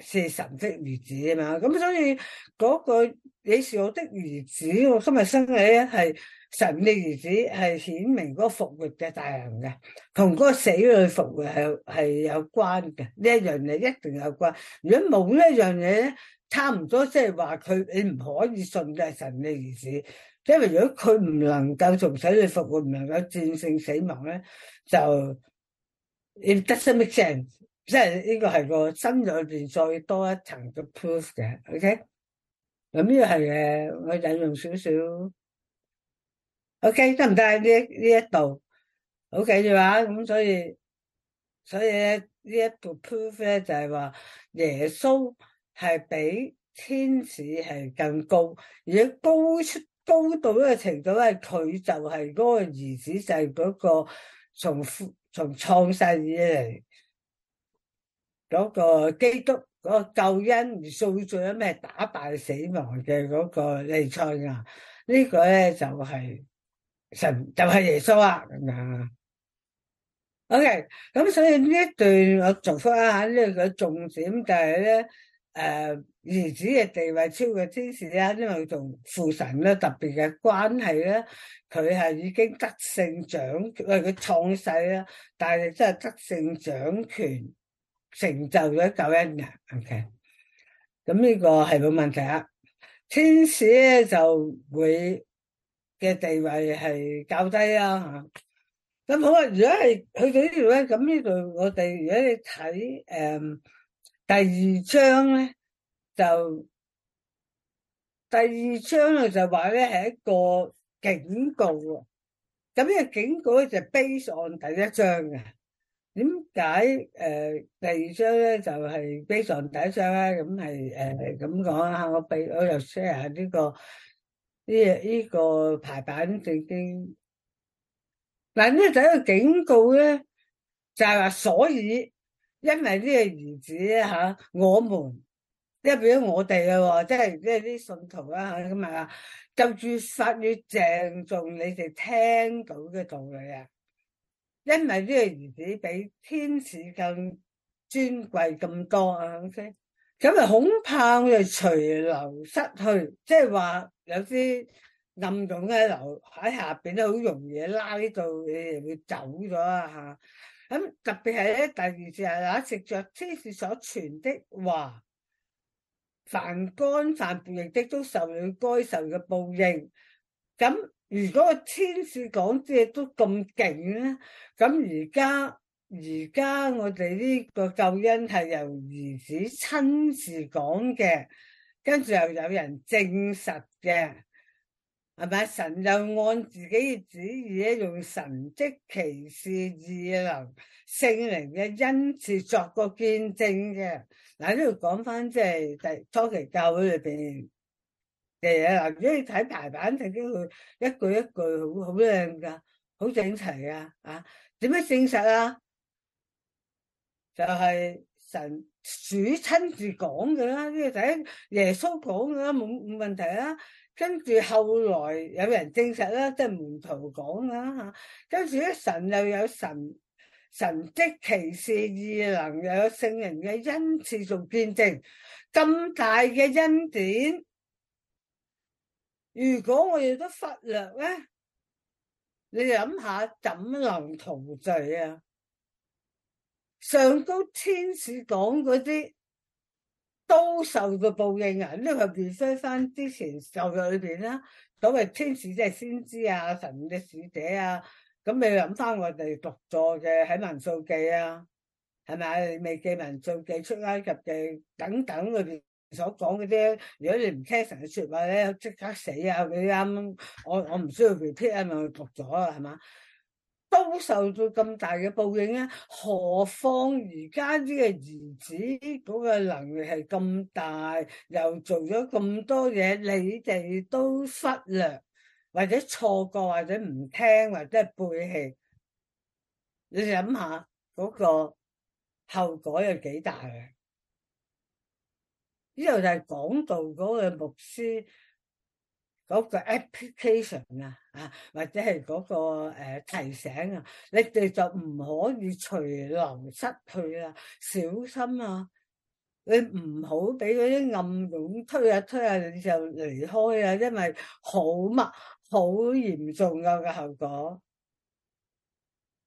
是神的兒子啊嘛，咁所以嗰個你是我的兒子，我今日生嘅係神的兒子，係顯明嗰復活嘅大能嘅，同嗰死裏復活係係有關嘅，呢一樣嘢一定有關。如果冇呢一樣嘢咧，差唔多即係話佢你唔可以信係神的兒子，因為如果佢唔能夠從死裏復活，唔能夠戰勝死亡咧，就 It doesn't make sense。即係呢個係個心裏面再多一層嘅 proof 嘅，OK。咁呢個係誒，我引用少少，OK 得唔得？呢呢一度，OK 嘅話，咁所以所以咧呢一度 proof 咧就係話耶穌係比天使係更高，而且高出高到呢個程度咧，佢就係嗰個兒子，就係嗰個從從創世以嚟。嗰個基督嗰個救恩、贖罪啊，咩打敗死亡嘅嗰個彌賽亞，呢個咧就係神就係耶穌啊。咁樣，OK，咁所以呢一段我重複一下呢個重點，就係咧誒兒子嘅地位超過天使啦，因為佢同父神咧特別嘅關係咧，佢係已經得勝掌，因為佢創世啦，但係真係得勝掌權。成就咗救恩嘅，OK。咁呢個係冇問題啊。天使咧就會嘅地位係較低啦吓。咁好啊，如果係去到呢度咧，咁呢度我哋如果你睇誒第二章咧，就第二章咧就話咧係一個警告啊。咁呢個警告就 base on 第一章嘅，點？解誒第二章咧就係非常第一章啦，咁係誒咁講啊！我俾我又 share 下呢個呢呢個排版正經。嗱呢就一個警告咧，就係話所以因為呢個兒子咧嚇，我們即係變咗我哋啦喎，即係即係啲信徒啦嚇咁啊，就住法語鄭重你哋聽到嘅道理啊！因為呢個兒子比天使更尊貴咁多啊，咁樣恐怕我哋隨流失去，即係話有啲暗湧喺流喺下邊咧，好容易拉到佢哋會走咗啊！嚇，咁特別係咧第二節啊，那食着天使所傳的話，凡干犯別的，都受了該受嘅報應，咁。如果天使講啲嘢,都咁勁咧，咁而家而家，我哋呢個救恩係由兒子親自講嘅，跟住又有人證實嘅，係咪？神又按自己旨意咧，用神蹟奇事異能聖靈嘅恩賜作個見證嘅。嗱、啊，呢度講翻即係第初期教會裏邊。誒，嗱、嗯，即係睇大版聖經，一句一句好好靚噶，好整齊啊！啊，點樣證實啊？就係、是、神主親自講噶啦，呢、這個第一耶穌講噶啦，冇冇問題啦、啊。跟住後來有人證實啦，即係門徒講噶啦吓。跟住呢神又有神神蹟奇事異能，又有聖人嘅恩賜做見證，咁大嘅恩典。如果我哋都忽略咧，你諗下怎能逃罪啊？上高天使講嗰啲都受咗報應啊！呢個袁先生之前受咗喺裏邊啦，所謂天使即係先知啊、神嘅使者啊，咁你諗翻我哋讀咗嘅喺民數記啊，係咪未記民數記出埃及記等等裏面？所講嗰啲，如果你唔聽神嘅說話咧，即刻死啊！嗰啲啱，我我唔需要 repeat 咗啦，係嘛？都受到咁大嘅報應咧，何況而家呢個兒子嗰個能力係咁大，又做咗咁多嘢，你哋都忽略或者錯過或者唔聽或者背棄，你諗下嗰個後果有幾大嘅？呢度就係講到嗰個牧師嗰個 application 啊，啊或者係嗰個誒提醒啊，你哋就唔可以隨流失去啊，小心啊！你唔好俾嗰啲暗湧推啊推啊你就離開啊，因為好密好嚴重噶個後果。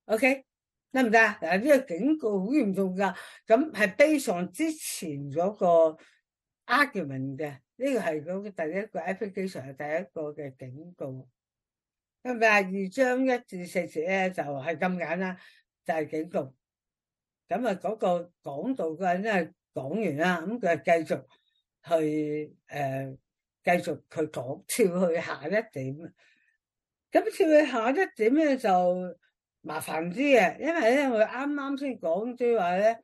OK 得唔得啊？嗱呢個警告好嚴重噶，咁係悲傷之前嗰個。argument 嘅呢個係嗰個第一個 application，係第一個嘅警告。咁第二章一至四節咧就係咁簡單，就係警告。咁啊嗰個講到嘅咧講完啦，咁佢繼續去誒繼續佢講跳去下一點。咁跳去下一點咧就麻煩啲嘅，因為咧佢啱啱先講，即係話咧。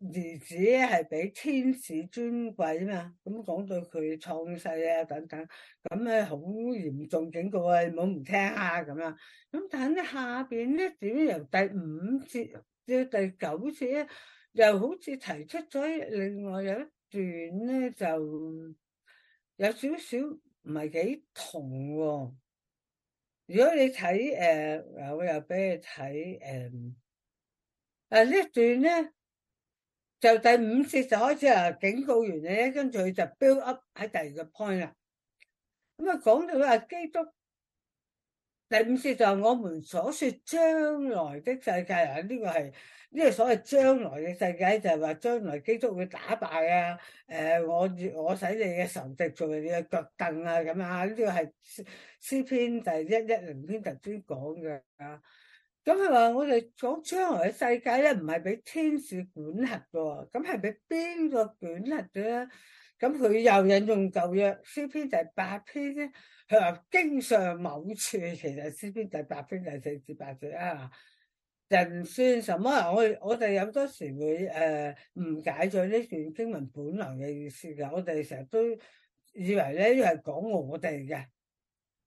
兒子係比天使尊貴啊嘛，咁、嗯、講到佢創世啊等等，咁咧好嚴重警告啊，唔好唔聽下咁樣。咁、嗯、但係下邊呢點由第五節到第九節咧，又好似提出咗另外有一段咧，就有少少唔係幾同、哦。如果你睇誒、呃，我又俾你睇誒，啊、呃呃、呢一段咧。就第五節就開始啊，警告完你咧，跟住佢就 build up 喺第二個 point 啦。咁啊，講到啊基督第五節就係我們所説將來的世界啊，呢、這個係呢、這個所謂將來嘅世界就係、是、話將來基督會打敗啊！誒、呃，我我使你嘅仇敵做你嘅腳凳啊咁啊！呢、啊這個係詩篇就第一一零篇特專講嘅。咁佢話我哋講將來嘅世界咧，唔係俾天使管轄嘅，咁係俾邊個管轄嘅咧？咁佢又引用舊約詩篇第八篇啫，佢話經上某處，其實詩篇第八篇就第四至八節啊，人算什麼。我我哋有好多時會誒誤、呃、解咗呢段經文本來嘅意思嘅，我哋成日都以為咧係講我哋嘅，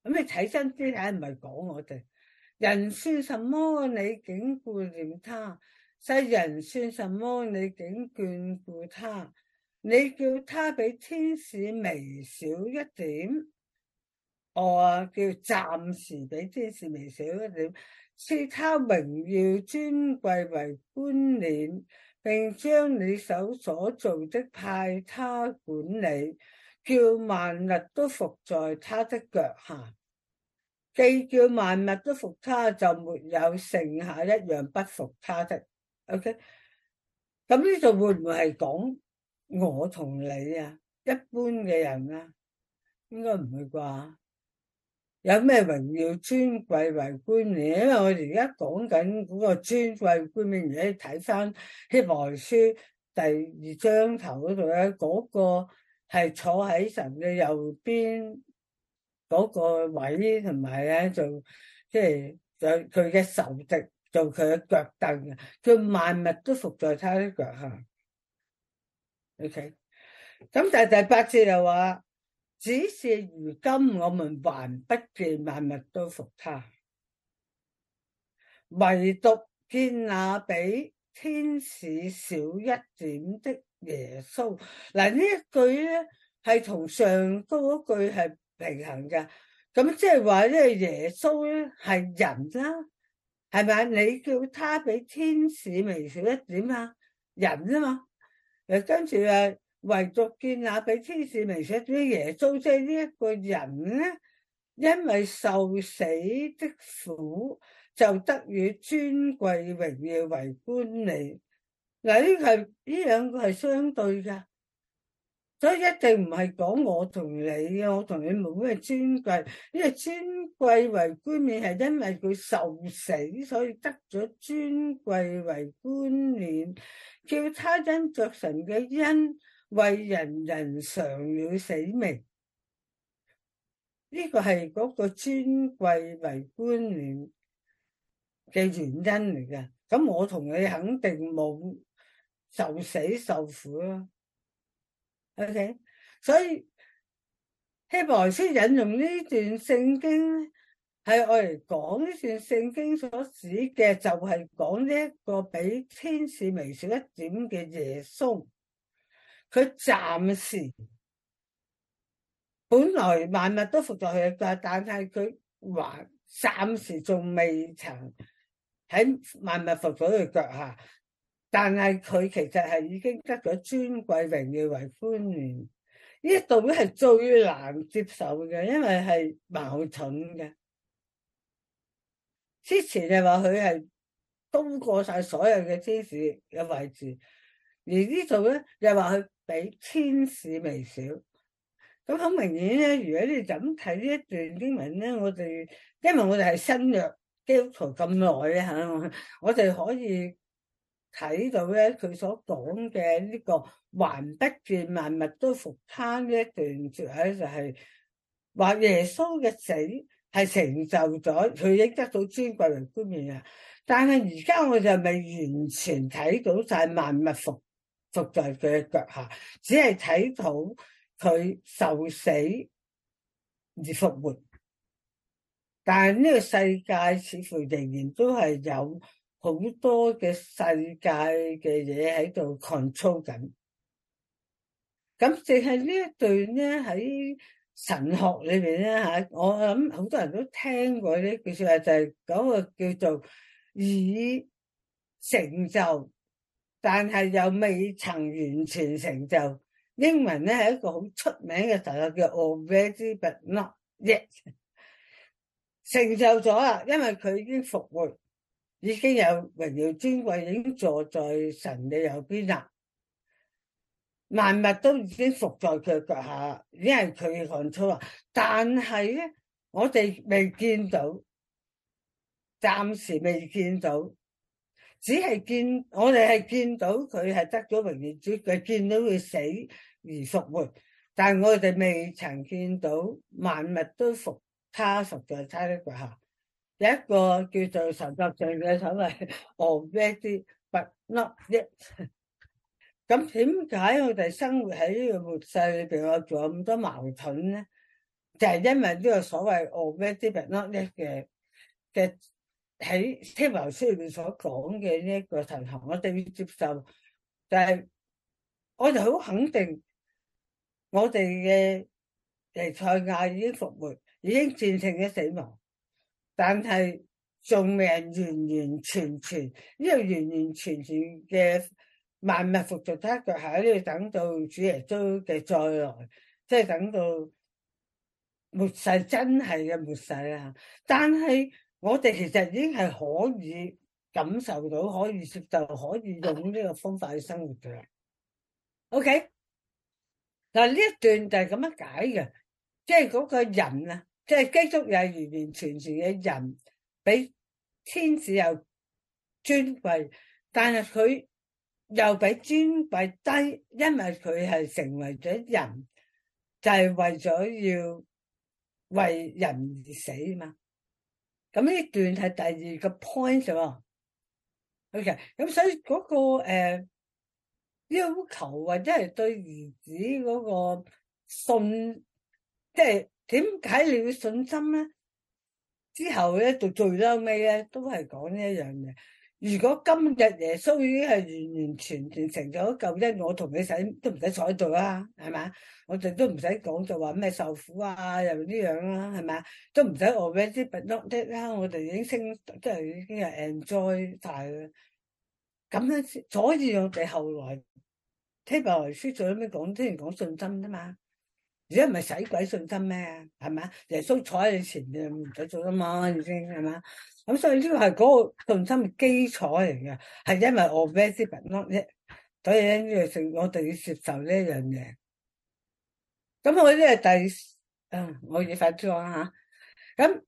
咁你睇真啲睇唔係講我哋。人算什麼，你竟顧念他；世人算什麼，你竟眷顧他？你叫他比天使微小一點，我、哦、叫暫時比天使微小一點。賜他榮耀尊貴為冠冕，並將你手所做的派他管理，叫萬物都伏在他的腳下。既叫萬物都服他，就沒有剩下一樣不服他的。O K，咁呢度會唔會係講我同你啊？一般嘅人啊，應該唔會啩？有咩榮耀尊貴為冠冕？因為我哋而家講緊嗰個尊貴冠冕，而家睇翻希伯來書第二章頭嗰度咧，嗰個係坐喺神嘅右邊。嗰個位同埋咧，就即係佢佢嘅仇敵做佢嘅腳凳嘅，叫萬物都伏在他嘅腳下。O.K. 咁但係第八節就話，只是如今我們還不見萬物都服他，唯獨見那比天使小一點的耶穌。嗱，呢一句咧係同上高嗰句係平衡嘅，咁即係話咧，耶穌咧係人啦，係咪你叫他比天使微小一點，點啊？人啫、啊、嘛，誒跟住誒，唯獨見那比天使微小啲耶穌，即係呢一個人咧，因為受死的苦，就得以尊貴榮耀為冠冕。嗱，係呢兩個係相對噶。所以一定唔係講我同你啊，我同你冇咩尊貴。呢個尊貴為冠冕係因為佢受死，所以得咗尊貴為冠冕。叫他因着神嘅恩，為人人嘗了死味。呢個係嗰個尊貴為冠冕嘅原因嚟㗎。咁我同你肯定冇受死受苦啊！O.K. 所以希伯來書引用呢段聖經，係我哋講呢段聖經所指嘅，就係講呢一個比天使微小一點嘅耶穌，佢暫時本來萬物都服咗佢嘅腳，但係佢還暫時仲未曾喺萬物服咗佢腳下。但係佢其實係已經得咗尊貴榮耀為冠冕，呢度咧係最難接受嘅，因為係矛盾嘅。之前就話佢係高過晒所有嘅天使嘅位置，而呢度咧又話佢俾天使微小，咁好明顯咧。如果你就咁睇呢一段經文咧，我哋因為我哋係新約基督徒咁耐咧吓，我哋可以。睇到咧，佢所講嘅呢個還不見萬物都服他呢一段說話，就係話耶穌嘅死係成就咗佢亦得到尊貴為冠冕。啊！但係而家我就未完全睇到晒萬物服服在佢嘅腳下，只係睇到佢受死而復活。但係呢個世界似乎仍然都係有。好多嘅世界嘅嘢喺度 control 緊，咁淨係呢一段咧喺神學裏邊咧嚇，我諗好多人都聽過呢句説話，就係講個叫做已成就，但係又未曾完全成就。英文咧係一個好出名嘅神學叫 already but not yet，亦成就咗啦，因為佢已經復活。已經有榮耀尊貴已經坐在神嘅右邊啦，萬物都已經伏在佢腳下，呢係佢看出嚟。但係咧，我哋未見到，暫時未見到，只係見我哋係見到佢係得咗榮耀尊貴，見到佢死而復活，但係我哋未曾見到萬物都伏他伏在他的腳下。第一個叫做神學上嘅所謂 already but not yet，咁點解我哋生活喺末世裡邊啊，仲有咁多矛盾咧？就係因為呢個所謂 already but not yet 嘅嘅喺聽老師裡邊所講嘅呢一個神學，我哋要接受，但係我就好肯定，我哋嘅彌賽亞已經復活，已經戰勝咗死亡。但係，仲未完完全全，呢個完完全全嘅萬物服從他腳下，喺呢度等到主耶穌嘅再來，即係等到末世真係嘅末世啦。但係我哋其實已經係可以感受到，可以接受，可以用呢個方法去生活嘅。O K，嗱，呢一段就係咁樣解嘅，即係嗰個人啊。即係基督又係完完全全嘅人，俾天使又尊貴，但係佢又比尊貴低，因為佢係成為咗人，就係、是、為咗要為人而死嘛。咁呢段係第二個 point 喎、哦。O.K. 咁所以嗰、那個誒、呃、要求或者係對兒子嗰個信，即係。點解你要信心咧？之後咧到最嬲尾咧，都係講呢一樣嘢。如果今日耶穌已經係完完全全成咗舊約，我同你使都唔使坐喺度啦，係嘛？我哋都唔使講就話、是、咩受苦啊，又呢樣啦，係嘛？都唔使我俾啲筆記啦，我哋已經升即係已經係 enjoy 晒嘅。咁樣所以我哋後來希伯來書最嬲尾講，聽完講信心啫嘛。而家唔係使鬼信心咩啊？係咪啊？耶穌坐喺你前面，唔使做吖嘛？已經係咪咁，所以呢個係嗰個信心嘅基礎嚟嘅，係因為 all things belong 所以咧呢樣事我哋要接受呢一樣嘢。咁我呢係第，啊我要發張吓。咁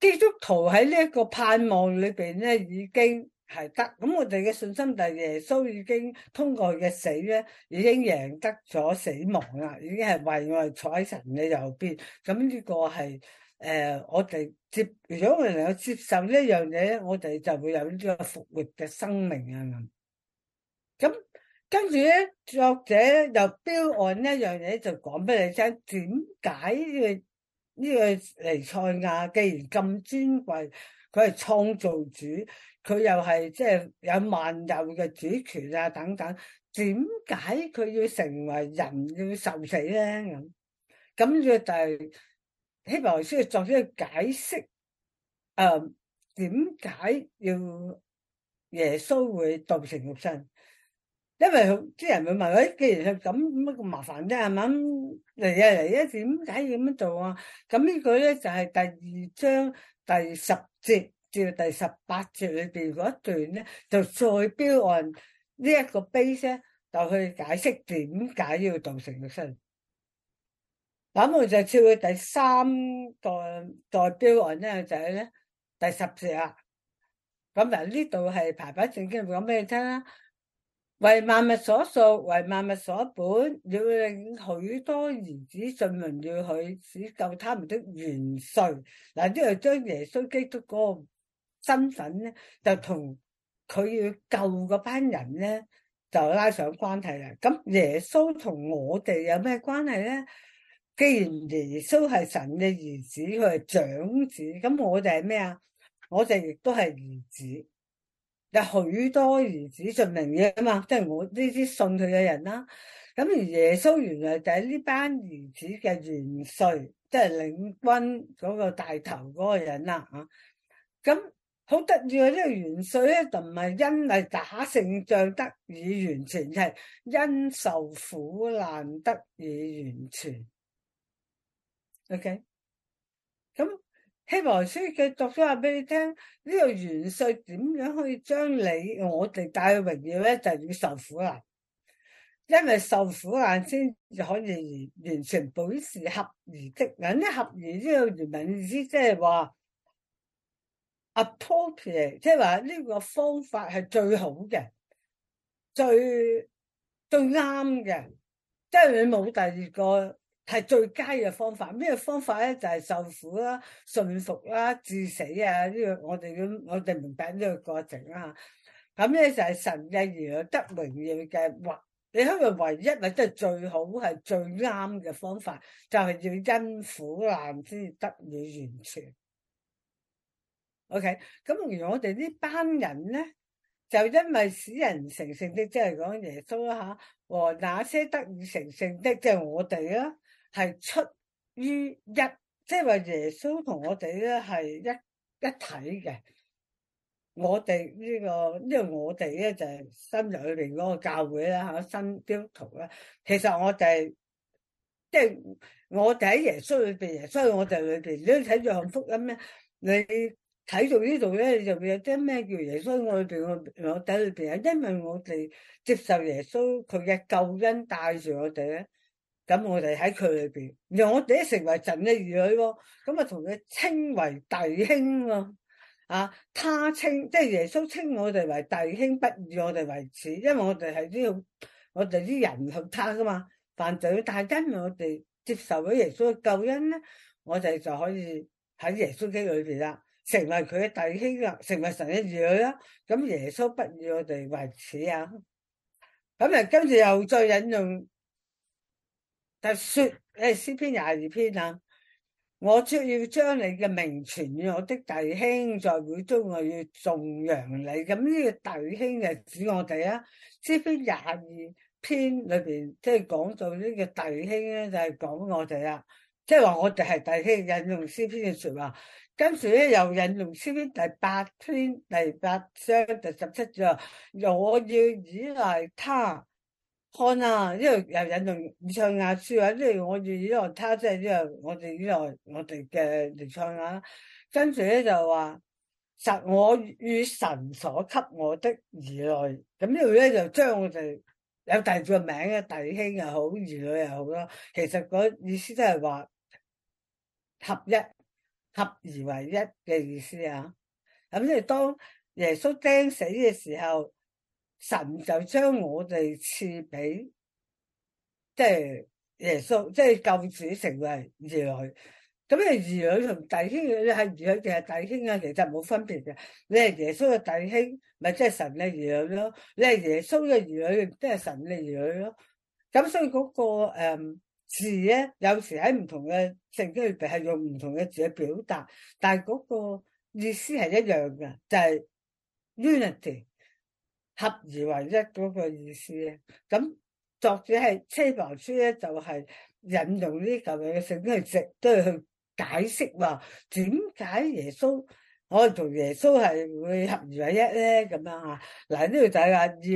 基督徒喺呢一個盼望裏邊咧，已經。係得咁，我哋嘅信心就係耶穌已經通過佢嘅死咧，已經贏得咗死亡啊！已經係為我哋坐喺神嘅右邊。咁呢個係誒、呃，我哋接如果我哋能夠接受呢樣嘢咧，我哋就會有呢個復活嘅生命啊！咁跟住咧，作者呢又標案一樣嘢，就講俾你聽，點解呢個呢個彌賽亞既然咁尊貴，佢係創造主？佢又係即係有萬有嘅主權啊，等等。點解佢要成為人要受死咧？咁咁嘅，但係希伯來書作者需要作啲解釋。誒、呃，點解要耶穌會道成肉身？因為啲人會問，喂，既然佢咁乜咁麻煩啫，係嘛？嚟啊嚟啊，點解要咁做啊？咁呢個咧就係第二章第十節。照第十八節裏邊嗰一段咧，就再標岸呢一個 base 咧，就去解釋點解要道成肉身。咁就照佢第三個代標岸咧，就係咧第十節啦。咁嗱呢度係排版聖經講俾你聽啦，為萬物所屬，為萬物所本，要令許多兒子信民要去使救他們的元帥。嗱，呢度將耶穌基督嗰個。身份咧就同佢要救嗰班人咧就拉上關係啦。咁耶穌同我哋有咩關係咧？既然耶穌係神嘅兒子，佢係長子，咁我哋係咩啊？我哋亦都係兒子，有許多兒子進明嘅啊嘛，即係我呢啲信佢嘅人啦啊。咁而耶穌原來就係呢班兒子嘅元帥，即係領軍嗰個大頭嗰個人啦啊。咁好得意啊！呢、這個元帥咧，就唔係因為打勝仗得以完全，就係因受苦難得以完全。OK，咁希伯來書嘅作者話俾你聽，呢、這個元帥點樣可以將你我哋帶去榮耀咧，就是、要受苦難。因為受苦難先可以完全本是合宜的。咁呢合宜呢個原文意思即係話。就是 appropriate 即係話呢個方法係最好嘅、最最啱嘅，即、就、係、是、你冇第二個係最佳嘅方法。咩方法咧？就係、是、受苦啦、順服啦、致死啊！呢、這個我哋咁，我哋明白呢個過程啦、啊。咁咧就係神嘅榮耀、得榮耀嘅唯，你係咪唯一或即係最好、係最啱嘅方法？就係、是、要因苦難先得以完全。O K，咁而我哋呢班人咧，就因為使人成聖的，即係講耶穌啦吓，和那些得以成聖的，即係我哋啦，係出於一，即係話耶穌同我哋咧係一一體嘅。我哋呢個，因為我哋咧就係深入去嚟嗰個教會啦吓，新基督徒啦，其實我哋係，即係我哋喺耶穌裏邊，耶穌喺我哋裏邊。你睇住《福音》咧，你。睇到呢度咧，就會有啲咩叫耶穌？我哋邊我我睇裏邊啊，因為我哋接受耶穌佢嘅救恩帶，帶住我哋咧，咁我哋喺佢裏邊，然後我哋成為神嘅兒女咯。咁啊，同佢稱為弟兄啊，他稱即係耶穌稱我哋為弟兄，不以我哋為恥，因為我哋係呢個我哋啲人向他噶嘛，犯罪。要係因我哋接受咗耶穌嘅救恩咧，我哋就可以喺耶穌基督裏邊啦。成為佢嘅弟兄啊，成為神嘅兒女啊，咁耶穌不以我哋為恥啊。咁、嗯、啊，跟住又再引用，就說誒，詩篇廿二篇啊，我將要將你嘅名傳與我的弟兄，在會中我要頌揚你。咁呢、啊、個弟兄就指我哋啊，詩篇廿二篇裏邊即係講到呢個弟兄咧，就係、是、講我哋啊，即係話我哋係弟兄，引用詩篇嘅說話。跟住咧又引用書篇第八篇第八章第十七章，又我要依賴他。看啊，呢度又引用以賽亞書啊，呢度我要依賴他，即係呢度我哋依賴我哋嘅嚟唱亞。跟住咧就話，實我與神所給我的兒女。咁呢度咧就將我哋有第二個名嘅弟兄又好，兒女又好咯。其實嗰意思都係話合一。合而為一嘅意思啊，咁即係當耶穌釘死嘅時候，神就將我哋賜俾即係耶穌，即係救主成為兒女。咁你兒女同弟兄，你係兒女定係弟兄啊？其實冇分別嘅。你係耶穌嘅弟兄，咪即係神嘅兒女咯；你係耶穌嘅兒女，亦都係神嘅兒女咯。咁、嗯、所以嗰、那個誒。嗯字咧，有時喺唔同嘅聖經係用唔同嘅字去表達，但係嗰個意思係一樣嘅，就係、是、unity 合而為一嗰個意思咧。咁作者係希伯來書咧，就係、是、引用呢嚿嘢嘅聖經，都係去解釋話點解耶穌。我哋同耶穌係會合二為一咧，咁樣啊，嗱，呢度就係、是、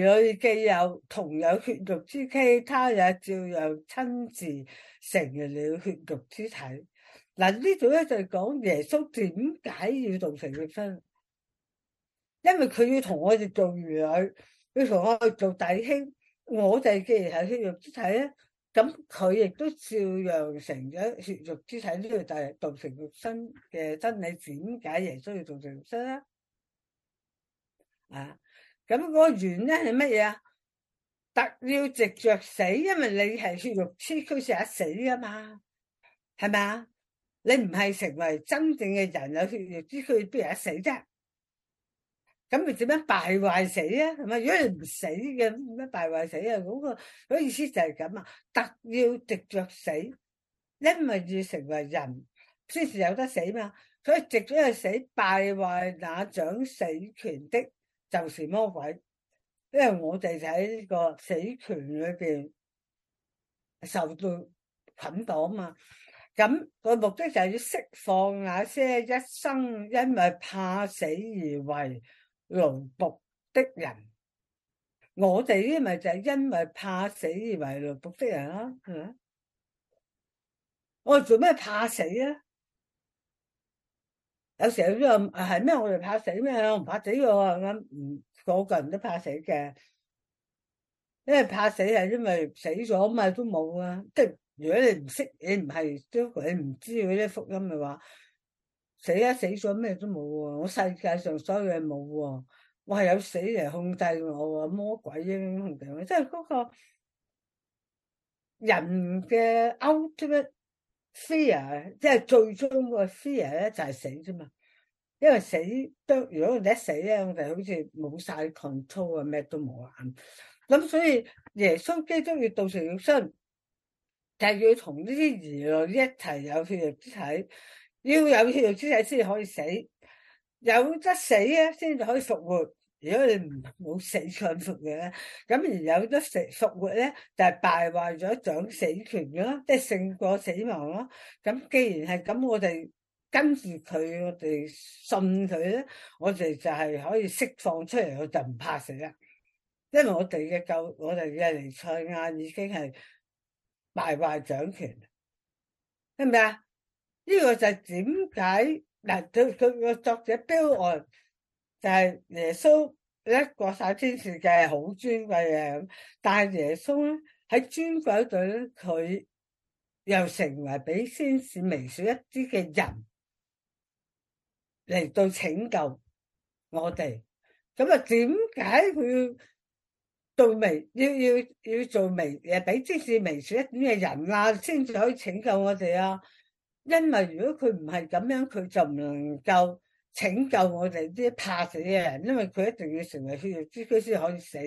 啦，與既有同有血肉之體，他也照樣親自成了血肉之體。嗱，呢度咧就係講耶穌點解要道成肉身？因為佢要同我哋做兒女，要同我哋做弟兄，我哋既然係血肉之體咧。咁佢亦都照樣成咗血肉之體，呢個就係造成肉身嘅真理。點解亦都要造成肉身咧？啊，咁嗰個原因咧係乜嘢啊？特要直着死，因為你係血肉之軀，成日死啊嘛，係咪啊？你唔係成為真正嘅人，有血肉之軀，必然一死啫？咁你點樣敗壞死啊？係咪？如果你唔死嘅，點樣敗壞死啊？嗰、那個嗰、那個意思就係咁啊！特要直着死，因為要成為人，先至有得死嘛。所以直咗去死，敗壞那掌死權的，就是魔鬼。因為我哋就喺呢個死權裏邊受到捆綁嘛。咁、那個目的就係要釋放那些一生因為怕死而為。勞碌的人，我哋呢咪就係因為怕死而為勞碌的人咯。我做咩怕死啊？有時候呢個係咩？我哋怕死咩？我唔怕死我咁唔，個個人都怕死嘅。因為怕死係因為死咗嘛，都冇啊。即係如果你唔識，你唔係都佢唔知佢啲福音嘅話。死啊！死咗咩都冇喎，我世界上所有嘢冇喎，我係有死嚟控制我啊！魔鬼嚟控制我，即係嗰個人嘅 ultimate fear，即係最終個 fear 咧就係死啫嘛。因為死都如果你一死咧，我哋好似冇晒 control 啊，咩都冇啊。咁所以耶穌基督要道成肉身，就要同呢啲兒女一齊有血肉之體。要有血肉之體先可以死，有得死啊先至可以復活。如果你唔冇死再復嘅，咁而有得死復活咧，就係敗壞咗掌死權咯，即勝過死亡咯。咁既然係咁，我哋跟住佢，我哋信佢咧，我哋就係可以釋放出嚟，我就唔怕死啦。因為我哋嘅救，我哋嘅彌賽亞啊，已經係敗壞掌權，啱唔啱啊？呢個就係點解嗱，佢佢個作者標案就係耶穌一過晒天使嘅，好尊貴啊！但係耶穌咧喺尊貴度咧，佢又成為比天使微小一啲嘅人嚟，到拯救我哋。咁啊，點解佢要微要要要做微誒，比天使微小一點嘅人啊，先至可以拯救我哋啊？因為如果佢唔係咁樣，佢就唔能夠拯救我哋啲怕死嘅人。因為佢一定要成為血肉之軀先可以死。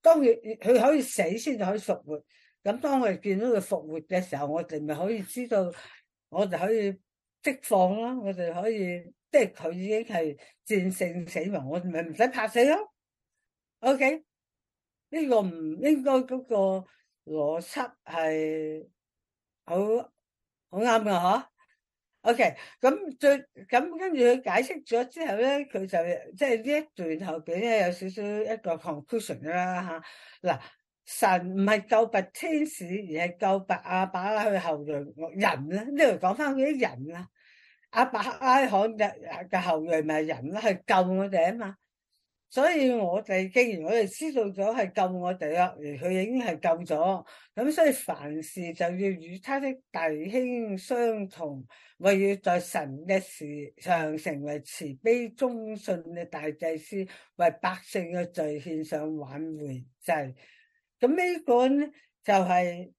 當然佢可以死先就可以復活。咁當我哋見到佢復活嘅時候，我哋咪可以知道，我哋可以即放啦。我哋可以，即係佢已經係戰勝死亡，我哋咪唔使怕死咯。OK，呢個唔應該嗰個邏輯係好好啱㗎嗬。O K，咁最咁跟住佢解釋咗之後咧，佢就即係呢一段後邊咧，有少少一個 conclusion 啦嚇。嗱、啊，神唔係救拔天使，而係救拔阿爸去後裔人啦。呢度講翻嗰啲人啦，亞伯拉罕嘅嘅後裔咪人啦，去救我哋啊嘛。所以我哋既然我哋知道咗係救我哋啦，而佢已經係救咗，咁所以凡事就要與他的弟兄相同，為要在神嘅事上成為慈悲忠信嘅大祭司，為百姓嘅罪獻上挽回祭就係咁呢個呢就係、是、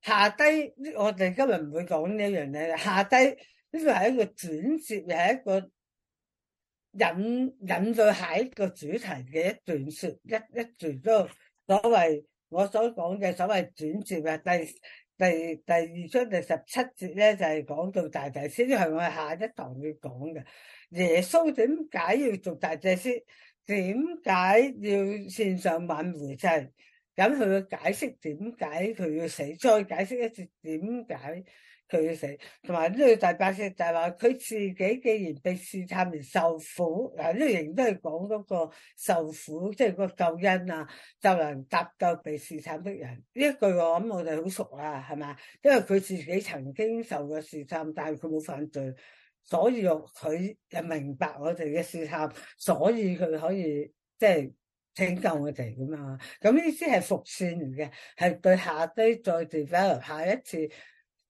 下低，我哋今日唔會講呢一樣嘢。下低呢個係一個轉折，又係一個。引引咗下一個主題嘅一段說，一一段都所謂我所講嘅所謂轉折嘅第第第二章第十七節咧，就係、是、講到大祭司，係我下一堂要講嘅。耶穌點解要做大祭司？點解要獻上挽回就祭？咁佢要解釋點解佢要死，再解釋一次點解。佢要死，同埋呢度第八節就係話佢自己既然被試探而受苦，嗱，呢個亦都係講嗰個受苦，即係個救恩啊，就能搭救被試探的人。呢一句話，咁我哋好熟啊，係嘛？因為佢自己曾經受過試探，但係佢冇犯罪，所以佢又明白我哋嘅試探，所以佢可以即係拯救我哋噶嘛？咁呢啲係伏線，嚟嘅，係對下低再 develop 下一次。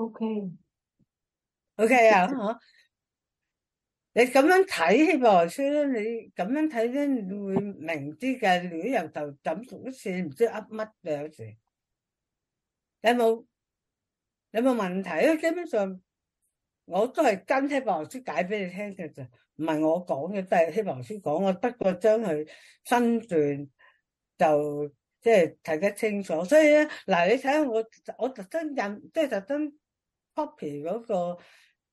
O K，O K 啊，吓，你咁樣睇希伯來書咧，你咁樣睇咧，你會明知嘅，你又就怎讀都似唔知噏乜嘅，有時，有冇有冇問題啊？基本上我都係跟希伯來書解俾你聽嘅，就唔係我講嘅，都係希伯來書講，我得過將佢分段就即係睇得清楚，所以咧嗱，你睇我我特登印，即係特登。copy 嗰個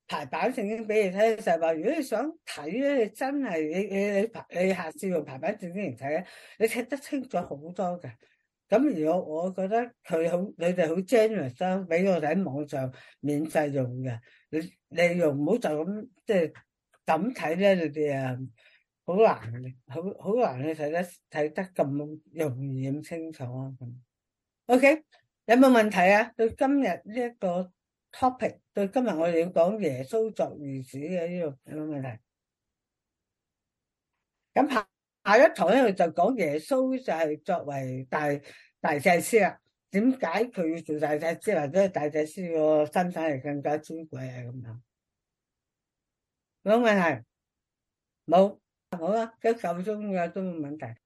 排版聖經俾你睇，就係話如果你想睇咧，你真係你你你排你下次用排版聖經嚟睇咧，你睇得清楚好多嘅。咁如果我覺得佢好你哋好 generous，俾我哋喺網上免費用嘅。你你用唔好就咁即係咁睇咧，你哋啊，好難，好好難去睇得睇得咁容易咁清楚啊。OK，有冇問題啊？到今日呢一個 topic 對今日我哋要講耶穌作兒子嘅呢個有冇問題？咁下下一堂咧就講耶穌就係作為大大祭司啦。點解佢要做大祭司？或者大祭司個身份係更加尊貴啊？咁樣冇問題，冇好啦。一夠鐘都冇問題？